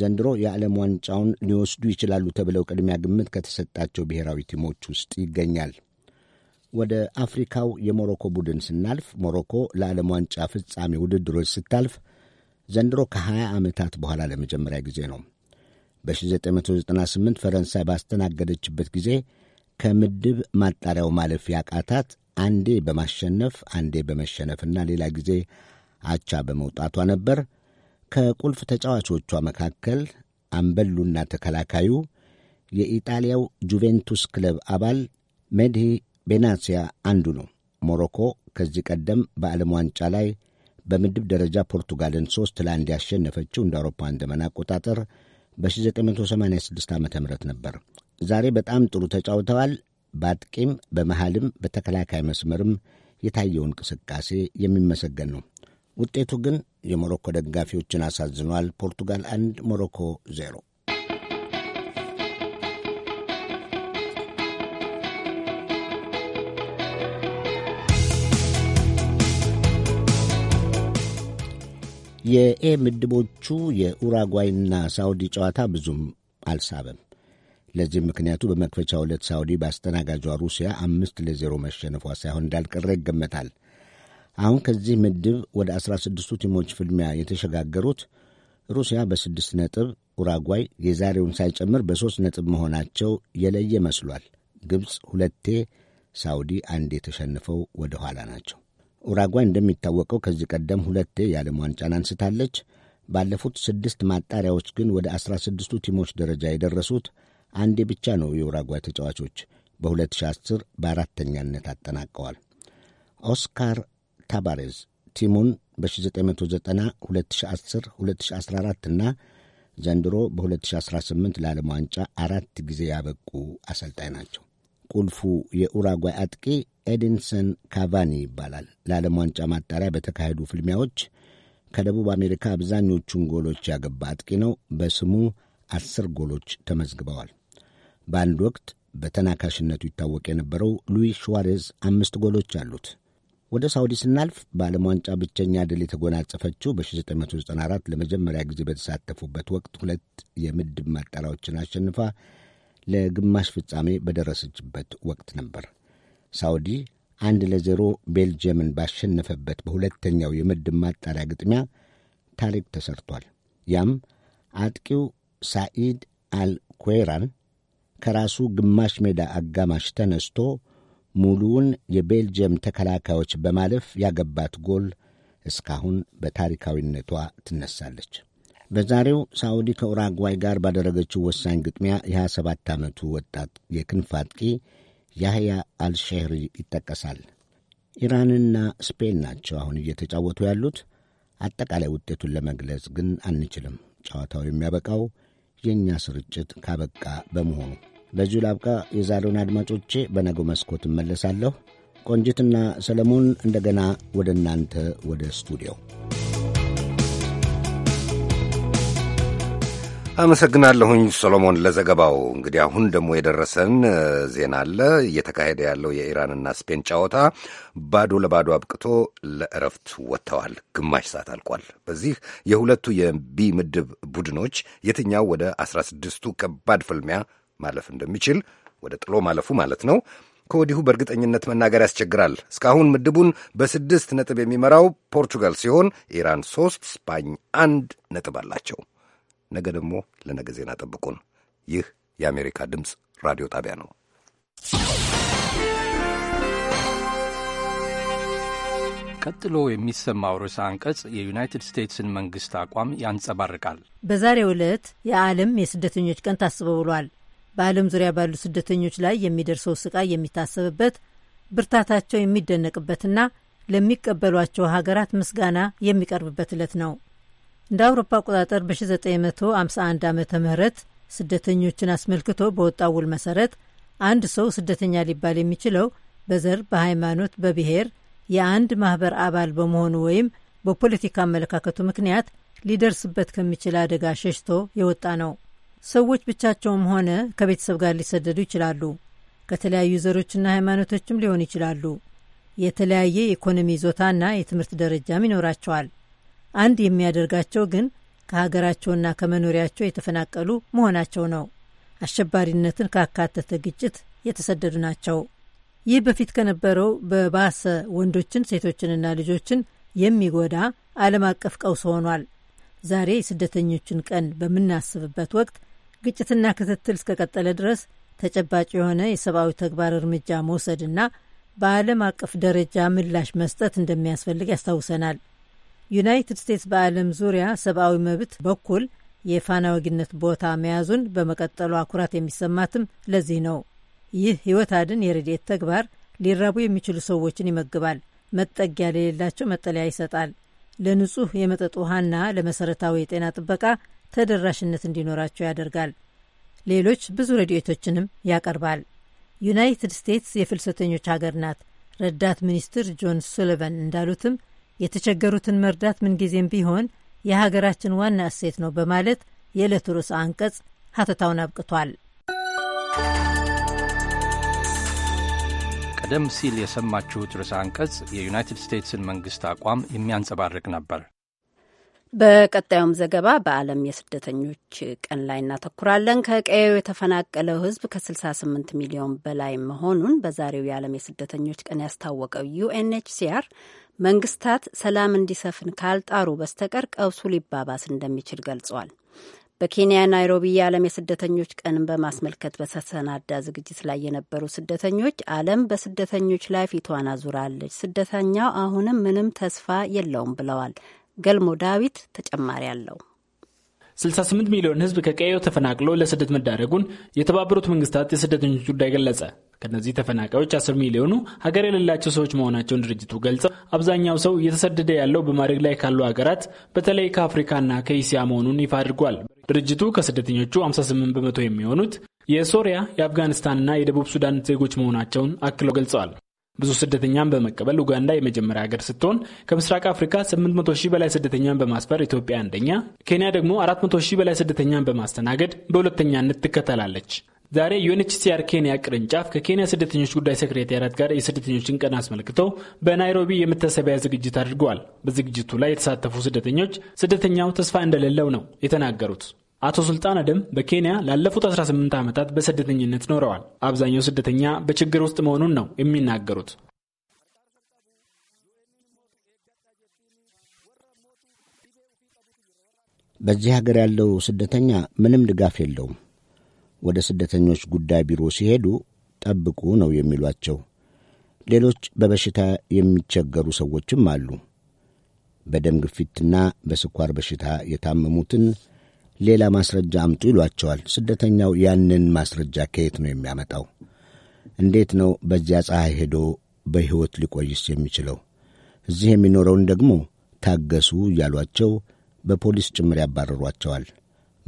ዘንድሮ የዓለም ዋንጫውን ሊወስዱ ይችላሉ ተብለው ቅድሚያ ግምት ከተሰጣቸው ብሔራዊ ቲሞች ውስጥ ይገኛል። ወደ አፍሪካው የሞሮኮ ቡድን ስናልፍ ሞሮኮ ለዓለም ዋንጫ ፍጻሜ ውድድሮች ስታልፍ ዘንድሮ ከ20 ዓመታት በኋላ ለመጀመሪያ ጊዜ ነው። በ1998 ፈረንሳይ ባስተናገደችበት ጊዜ ከምድብ ማጣሪያው ማለፍ ያቃታት አንዴ በማሸነፍ አንዴ በመሸነፍና ሌላ ጊዜ አቻ በመውጣቷ ነበር። ከቁልፍ ተጫዋቾቿ መካከል አምበሉና ተከላካዩ የኢጣሊያው ጁቬንቱስ ክለብ አባል ሜድሂ ቤናሲያ አንዱ ነው። ሞሮኮ ከዚህ ቀደም በዓለም ዋንጫ ላይ በምድብ ደረጃ ፖርቱጋልን ሦስት ለአንድ ያሸነፈችው እንደ አውሮፓውያን ዘመን አቆጣጠር በ1986 ዓ ም ነበር። ዛሬ በጣም ጥሩ ተጫውተዋል። በአጥቂም በመሃልም በተከላካይ መስመርም የታየው እንቅስቃሴ የሚመሰገን ነው። ውጤቱ ግን የሞሮኮ ደጋፊዎችን አሳዝኗል። ፖርቱጋል አንድ ሞሮኮ ዜሮ የኤ ምድቦቹ የኡራጓይና ሳውዲ ጨዋታ ብዙም አልሳበም። ለዚህም ምክንያቱ በመክፈቻ ሁለት ሳውዲ በአስተናጋጇ ሩሲያ አምስት ለዜሮ መሸነፏ ሳይሆን እንዳልቀረ ይገመታል። አሁን ከዚህ ምድብ ወደ አስራ ስድስቱ ቲሞች ፍልሚያ የተሸጋገሩት ሩሲያ በስድስት ነጥብ ኡራጓይ የዛሬውን ሳይጨምር በሦስት ነጥብ መሆናቸው የለየ መስሏል። ግብፅ ሁለቴ ሳውዲ አንዴ የተሸንፈው ወደ ኋላ ናቸው። ኡራጓይ እንደሚታወቀው ከዚህ ቀደም ሁለቴ የዓለም ዋንጫን አንስታለች። ባለፉት ስድስት ማጣሪያዎች ግን ወደ አስራ ስድስቱ ቲሞች ደረጃ የደረሱት አንዴ ብቻ ነው። የኡራጓይ ተጫዋቾች በ2010 በአራተኛነት አጠናቀዋል። ኦስካር ታባሬዝ ቲሙን በ1990፣ 2010፣ 2014 እና ዘንድሮ በ2018 ለዓለም ዋንጫ አራት ጊዜ ያበቁ አሰልጣኝ ናቸው። ቁልፉ የኡራጓይ አጥቂ ኤዲንሰን ካቫኒ ይባላል። ለዓለም ዋንጫ ማጣሪያ በተካሄዱ ፍልሚያዎች ከደቡብ አሜሪካ አብዛኞቹን ጎሎች ያገባ አጥቂ ነው። በስሙ አስር ጎሎች ተመዝግበዋል። በአንድ ወቅት በተናካሽነቱ ይታወቅ የነበረው ሉዊስ ሹዋሬዝ አምስት ጎሎች አሉት። ወደ ሳውዲ ስናልፍ በዓለም ዋንጫ ብቸኛ ድል የተጎናጸፈችው በ1994 ለመጀመሪያ ጊዜ በተሳተፉበት ወቅት ሁለት የምድብ ማጣሪያዎችን አሸንፋ ለግማሽ ፍጻሜ በደረሰችበት ወቅት ነበር። ሳውዲ አንድ ለዜሮ ቤልጅየምን ባሸነፈበት በሁለተኛው የምድብ ማጣሪያ ግጥሚያ ታሪክ ተሰርቷል። ያም አጥቂው ሳኢድ አልኩዌራን ከራሱ ግማሽ ሜዳ አጋማሽ ተነስቶ ሙሉውን የቤልጅየም ተከላካዮች በማለፍ ያገባት ጎል እስካሁን በታሪካዊነቷ ትነሳለች። በዛሬው ሳዑዲ ከኡራጓይ ጋር ባደረገችው ወሳኝ ግጥሚያ የ27 ዓመቱ ወጣት የክንፍ አጥቂ ያህያ አልሼህሪ ይጠቀሳል። ኢራንና ስፔን ናቸው አሁን እየተጫወቱ ያሉት። አጠቃላይ ውጤቱን ለመግለጽ ግን አንችልም። ጨዋታው የሚያበቃው የእኛ ስርጭት ካበቃ በመሆኑ በዚሁ ላብቃ። የዛሬውን አድማጮቼ፣ በነገው መስኮት እመለሳለሁ። ቆንጅትና ሰለሞን እንደገና ወደ እናንተ ወደ ስቱዲዮ አመሰግናለሁኝ ሰሎሞን ለዘገባው። እንግዲህ አሁን ደግሞ የደረሰን ዜና አለ። እየተካሄደ ያለው የኢራንና ስፔን ጨዋታ ባዶ ለባዶ አብቅቶ ለእረፍት ወጥተዋል። ግማሽ ሰዓት አልቋል። በዚህ የሁለቱ የቢ ምድብ ቡድኖች የትኛው ወደ አስራ ስድስቱ ከባድ ፍልሚያ ማለፍ እንደሚችል ወደ ጥሎ ማለፉ ማለት ነው ከወዲሁ በእርግጠኝነት መናገር ያስቸግራል። እስካሁን ምድቡን በስድስት ነጥብ የሚመራው ፖርቹጋል ሲሆን ኢራን ሶስት፣ ስፓኝ አንድ ነጥብ አላቸው። ነገ ደግሞ ለነገ ዜና ጠብቁን። ይህ የአሜሪካ ድምፅ ራዲዮ ጣቢያ ነው። ቀጥሎ የሚሰማው ርዕሰ አንቀጽ የዩናይትድ ስቴትስን መንግስት አቋም ያንጸባርቃል። በዛሬው ዕለት የዓለም የስደተኞች ቀን ታስበው ውሏል። በዓለም ዙሪያ ባሉ ስደተኞች ላይ የሚደርሰው ስቃይ የሚታሰብበት፣ ብርታታቸው የሚደነቅበትና ለሚቀበሏቸው ሀገራት ምስጋና የሚቀርብበት ዕለት ነው። እንደ አውሮፓ አቆጣጠር በ1951 ዓ ም ስደተኞችን አስመልክቶ በወጣው ውል መሰረት አንድ ሰው ስደተኛ ሊባል የሚችለው በዘር፣ በሃይማኖት፣ በብሔር የአንድ ማህበር አባል በመሆኑ ወይም በፖለቲካ አመለካከቱ ምክንያት ሊደርስበት ከሚችል አደጋ ሸሽቶ የወጣ ነው። ሰዎች ብቻቸውም ሆነ ከቤተሰብ ጋር ሊሰደዱ ይችላሉ። ከተለያዩ ዘሮችና ሃይማኖቶችም ሊሆኑ ይችላሉ። የተለያየ የኢኮኖሚ ይዞታና የትምህርት ደረጃም ይኖራቸዋል። አንድ የሚያደርጋቸው ግን ከሀገራቸውና ከመኖሪያቸው የተፈናቀሉ መሆናቸው ነው። አሸባሪነትን ካካተተ ግጭት የተሰደዱ ናቸው። ይህ በፊት ከነበረው በባሰ ወንዶችን ሴቶችንና ልጆችን የሚጎዳ ዓለም አቀፍ ቀውስ ሆኗል። ዛሬ የስደተኞችን ቀን በምናስብበት ወቅት ግጭትና ክትትል እስከቀጠለ ድረስ ተጨባጭ የሆነ የሰብአዊ ተግባር እርምጃ መውሰድና በዓለም አቀፍ ደረጃ ምላሽ መስጠት እንደሚያስፈልግ ያስታውሰናል። ዩናይትድ ስቴትስ በዓለም ዙሪያ ሰብአዊ መብት በኩል የፋና ወጊነት ቦታ መያዙን በመቀጠሉ አኩራት የሚሰማትም ለዚህ ነው። ይህ ሕይወት አድን የረድኤት ተግባር ሊራቡ የሚችሉ ሰዎችን ይመግባል፣ መጠጊያ ለሌላቸው መጠለያ ይሰጣል፣ ለንጹህ የመጠጥ ውሃና ለመሰረታዊ የጤና ጥበቃ ተደራሽነት እንዲኖራቸው ያደርጋል። ሌሎች ብዙ ረድኤቶችንም ያቀርባል። ዩናይትድ ስቴትስ የፍልሰተኞች ሀገር ናት። ረዳት ሚኒስትር ጆን ሱሊቫን እንዳሉትም የተቸገሩትን መርዳት ምንጊዜም ቢሆን የሀገራችን ዋና እሴት ነው በማለት የዕለቱ ርዕስ አንቀጽ ሀተታውን አብቅቷል። ቀደም ሲል የሰማችሁት ርዕስ አንቀጽ የዩናይትድ ስቴትስን መንግስት አቋም የሚያንጸባርቅ ነበር። በቀጣዩም ዘገባ በዓለም የስደተኞች ቀን ላይ እናተኩራለን። ከቀየው የተፈናቀለው ህዝብ ከ68 ሚሊዮን በላይ መሆኑን በዛሬው የዓለም የስደተኞች ቀን ያስታወቀው ዩኤንኤችሲአር መንግስታት ሰላም እንዲሰፍን ካልጣሩ በስተቀር ቀውሱ ሊባባስ እንደሚችል ገልጿል። በኬንያ ናይሮቢ የዓለም የስደተኞች ቀንን በማስመልከት በተሰናዳ ዝግጅት ላይ የነበሩ ስደተኞች ዓለም በስደተኞች ላይ ፊቷን አዙራለች፣ ስደተኛው አሁንም ምንም ተስፋ የለውም ብለዋል። ገልሞ ዳዊት ተጨማሪ አለው። 68 ሚሊዮን ህዝብ ከቀየው ተፈናቅሎ ለስደት መዳረጉን የተባበሩት መንግስታት የስደተኞች ጉዳይ ገለጸ። ከነዚህ ተፈናቃዮች አስር ሚሊዮኑ ሀገር የሌላቸው ሰዎች መሆናቸውን ድርጅቱ ገልጸው አብዛኛው ሰው እየተሰደደ ያለው በማደግ ላይ ካሉ ሀገራት በተለይ ከአፍሪካና ከእስያ መሆኑን ይፋ አድርጓል። ድርጅቱ ከስደተኞቹ 58 በመቶ የሚሆኑት የሶሪያ የአፍጋኒስታንና የደቡብ ሱዳን ዜጎች መሆናቸውን አክለው ገልጸዋል። ብዙ ስደተኛን በመቀበል ኡጋንዳ የመጀመሪያ ሀገር ስትሆን ከምስራቅ አፍሪካ 800 ሺህ በላይ ስደተኛን በማስፈር ኢትዮጵያ አንደኛ፣ ኬንያ ደግሞ 400 ሺህ በላይ ስደተኛን በማስተናገድ በሁለተኛነት ትከተላለች። ዛሬ ዩኤንኤችሲአር ኬንያ ቅርንጫፍ ከኬንያ ስደተኞች ጉዳይ ሴክሬታሪያት ጋር የስደተኞችን ቀን አስመልክተው በናይሮቢ የመታሰቢያ ዝግጅት አድርገዋል። በዝግጅቱ ላይ የተሳተፉ ስደተኞች ስደተኛው ተስፋ እንደሌለው ነው የተናገሩት። አቶ ሱልጣን አደም በኬንያ ላለፉት 18 ዓመታት በስደተኝነት ኖረዋል። አብዛኛው ስደተኛ በችግር ውስጥ መሆኑን ነው የሚናገሩት። በዚህ ሀገር ያለው ስደተኛ ምንም ድጋፍ የለውም። ወደ ስደተኞች ጉዳይ ቢሮ ሲሄዱ ጠብቁ ነው የሚሏቸው። ሌሎች በበሽታ የሚቸገሩ ሰዎችም አሉ። በደም ግፊትና በስኳር በሽታ የታመሙትን ሌላ ማስረጃ አምጡ ይሏቸዋል። ስደተኛው ያንን ማስረጃ ከየት ነው የሚያመጣው? እንዴት ነው በዚያ ፀሐይ ሄዶ በሕይወት ሊቆይስ የሚችለው? እዚህ የሚኖረውን ደግሞ ታገሱ እያሏቸው በፖሊስ ጭምር ያባረሯቸዋል።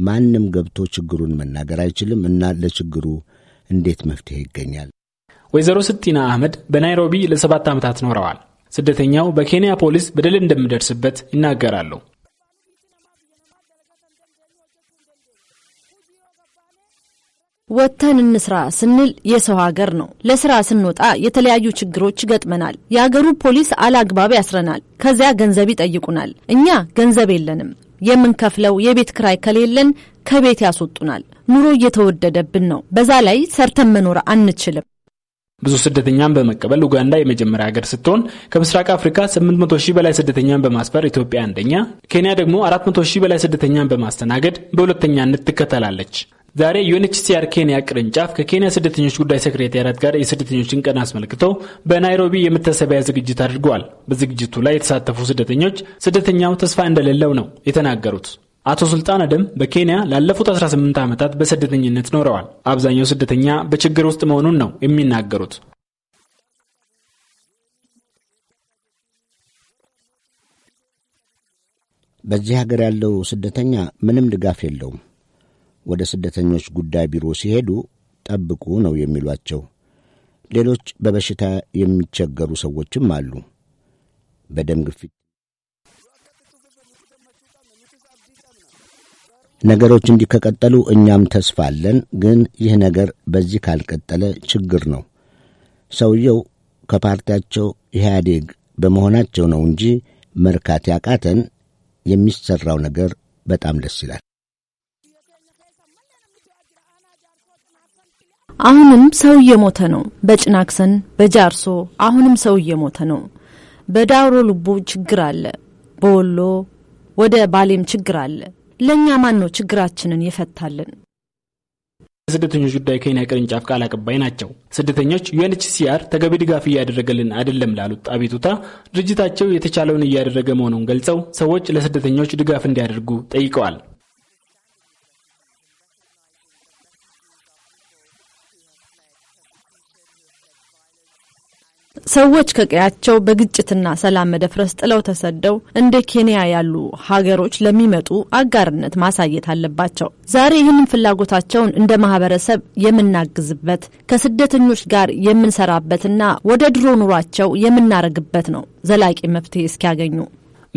ማንም ገብቶ ችግሩን መናገር አይችልም እና ለችግሩ እንዴት መፍትሄ ይገኛል? ወይዘሮ ስቲና አህመድ በናይሮቢ ለሰባት ዓመታት ኖረዋል። ስደተኛው በኬንያ ፖሊስ በደል እንደሚደርስበት ይናገራሉ። ወጥተን እንስራ ስንል የሰው ሀገር ነው። ለስራ ስንወጣ የተለያዩ ችግሮች ይገጥመናል። የሀገሩ ፖሊስ አላግባብ ያስረናል። ከዚያ ገንዘብ ይጠይቁናል። እኛ ገንዘብ የለንም። የምንከፍለው የቤት ክራይ ከሌለን ከቤት ያስወጡናል። ኑሮ እየተወደደብን ነው። በዛ ላይ ሰርተን መኖር አንችልም። ብዙ ስደተኛን በመቀበል ኡጋንዳ የመጀመሪያ ሀገር ስትሆን ከምስራቅ አፍሪካ 800 ሺህ በላይ ስደተኛን በማስፈር ኢትዮጵያ አንደኛ፣ ኬንያ ደግሞ 400 ሺህ በላይ ስደተኛን በማስተናገድ በሁለተኛነት ትከተላለች። ዛሬ ዩኤንኤችሲአር ኬንያ ቅርንጫፍ ከኬንያ ስደተኞች ጉዳይ ሴክሬታሪያት ጋር የስደተኞችን ቀን አስመልክተው በናይሮቢ የመታሰቢያ ዝግጅት አድርገዋል። በዝግጅቱ ላይ የተሳተፉ ስደተኞች ስደተኛው ተስፋ እንደሌለው ነው የተናገሩት። አቶ ሱልጣን አደም በኬንያ ላለፉት 18 ዓመታት በስደተኝነት ኖረዋል። አብዛኛው ስደተኛ በችግር ውስጥ መሆኑን ነው የሚናገሩት። በዚህ ሀገር ያለው ስደተኛ ምንም ድጋፍ የለውም። ወደ ስደተኞች ጉዳይ ቢሮ ሲሄዱ ጠብቁ ነው የሚሏቸው። ሌሎች በበሽታ የሚቸገሩ ሰዎችም አሉ። በደም ግፊት ነገሮች እንዲህ ከቀጠሉ እኛም ተስፋ አለን። ግን ይህ ነገር በዚህ ካልቀጠለ ችግር ነው። ሰውየው ከፓርቲያቸው ኢህአዴግ በመሆናቸው ነው እንጂ መርካት ያቃተን። የሚሠራው ነገር በጣም ደስ ይላል። አሁንም ሰው እየሞተ ነው። በጭናክሰን በጃርሶ አሁንም ሰው እየሞተ ነው። በዳውሮ ልቦ ችግር አለ። በወሎ ወደ ባሌም ችግር አለ። ለእኛ ማን ነው ችግራችንን የፈታልን? የስደተኞች ጉዳይ ከኬንያ ቅርንጫፍ ቃል አቀባይ ናቸው። ስደተኞች ዩኤንኤችሲአር ተገቢ ድጋፍ እያደረገልን አይደለም ላሉት አቤቱታ ድርጅታቸው የተቻለውን እያደረገ መሆኑን ገልጸው ሰዎች ለስደተኞች ድጋፍ እንዲያደርጉ ጠይቀዋል። ሰዎች ከቀያቸው በግጭትና ሰላም መደፍረስ ጥለው ተሰደው እንደ ኬንያ ያሉ ሀገሮች ለሚመጡ አጋርነት ማሳየት አለባቸው። ዛሬ ይህንን ፍላጎታቸውን እንደ ማህበረሰብ የምናግዝበት ከስደተኞች ጋር የምንሰራበትና ወደ ድሮ ኑሯቸው የምናረግበት ነው ዘላቂ መፍትሄ እስኪያገኙ።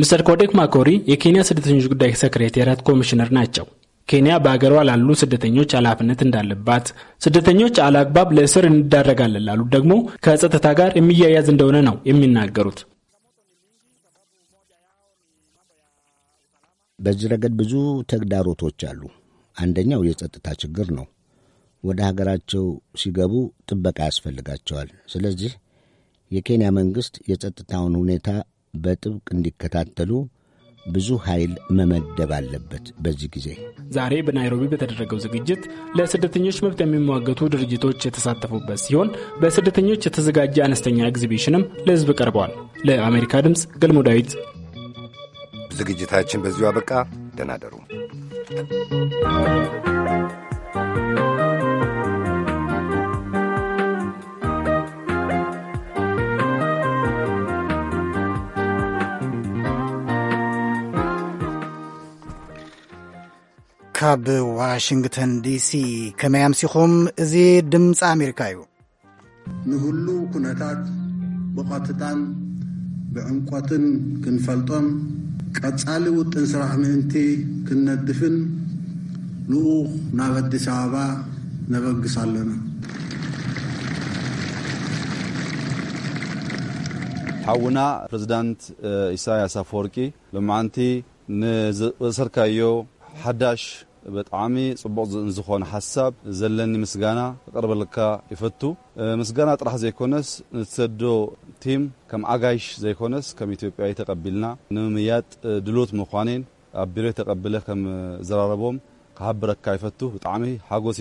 ምስተር ኮዴክ ማኮሪ የኬንያ ስደተኞች ጉዳይ ሰክሬታሪያት ኮሚሽነር ናቸው። ኬንያ በሀገሯ ላሉ ስደተኞች ኃላፊነት እንዳለባት፣ ስደተኞች አላግባብ ለእስር እንዳረጋለን ላሉት ደግሞ ከጸጥታ ጋር የሚያያዝ እንደሆነ ነው የሚናገሩት። በዚህ ረገድ ብዙ ተግዳሮቶች አሉ። አንደኛው የጸጥታ ችግር ነው። ወደ ሀገራቸው ሲገቡ ጥበቃ ያስፈልጋቸዋል። ስለዚህ የኬንያ መንግሥት የጸጥታውን ሁኔታ በጥብቅ እንዲከታተሉ ብዙ ኃይል መመደብ አለበት። በዚህ ጊዜ ዛሬ በናይሮቢ በተደረገው ዝግጅት ለስደተኞች መብት የሚሟገቱ ድርጅቶች የተሳተፉበት ሲሆን በስደተኞች የተዘጋጀ አነስተኛ ኤግዚቢሽንም ለሕዝብ ቀርበዋል። ለአሜሪካ ድምፅ ገልሞ ዳዊት። ዝግጅታችን በዚሁ አበቃ። ደህና ደሩ። ካብ ዋሽንግተን ዲሲ ከመይ ኣምሲኹም እዚ ድምፂ ኣሜሪካ እዩ ንህሉ ኩነታት ብቐጥታን ብዕምቆትን ክንፈልጦም ቀጻሊ ውጥን ስራሕ ምእንቲ ክንነድፍን ንኡ ናብ ኣዲስ ኣበባ ነበግስ ኣለና ሓውና ፕሬዚዳንት ኢሳያስ ኣፈወርቂ ልማዓንቲ ንዝእሰርካዮ ሓዳሽ ብጣዕሚ ፅቡቕ ዝኾነ ሓሳብ ዘለኒ ምስጋና ክቐርበልካ ይፈቱ ምስጋና ጥራሕ ዘይኮነስ ንተሰዶ ቲም ከም ኣጋይሽ ዘይኮነስ ከም ኢትዮጵያዊ ተቐቢልና ንምምያጥ ድሎት ምዃኔን ኣብ ቢሮ ተቐብለ ከም ዘራረቦም ክሃብረካ ይፈቱ ብጣዕሚ ሓጎስ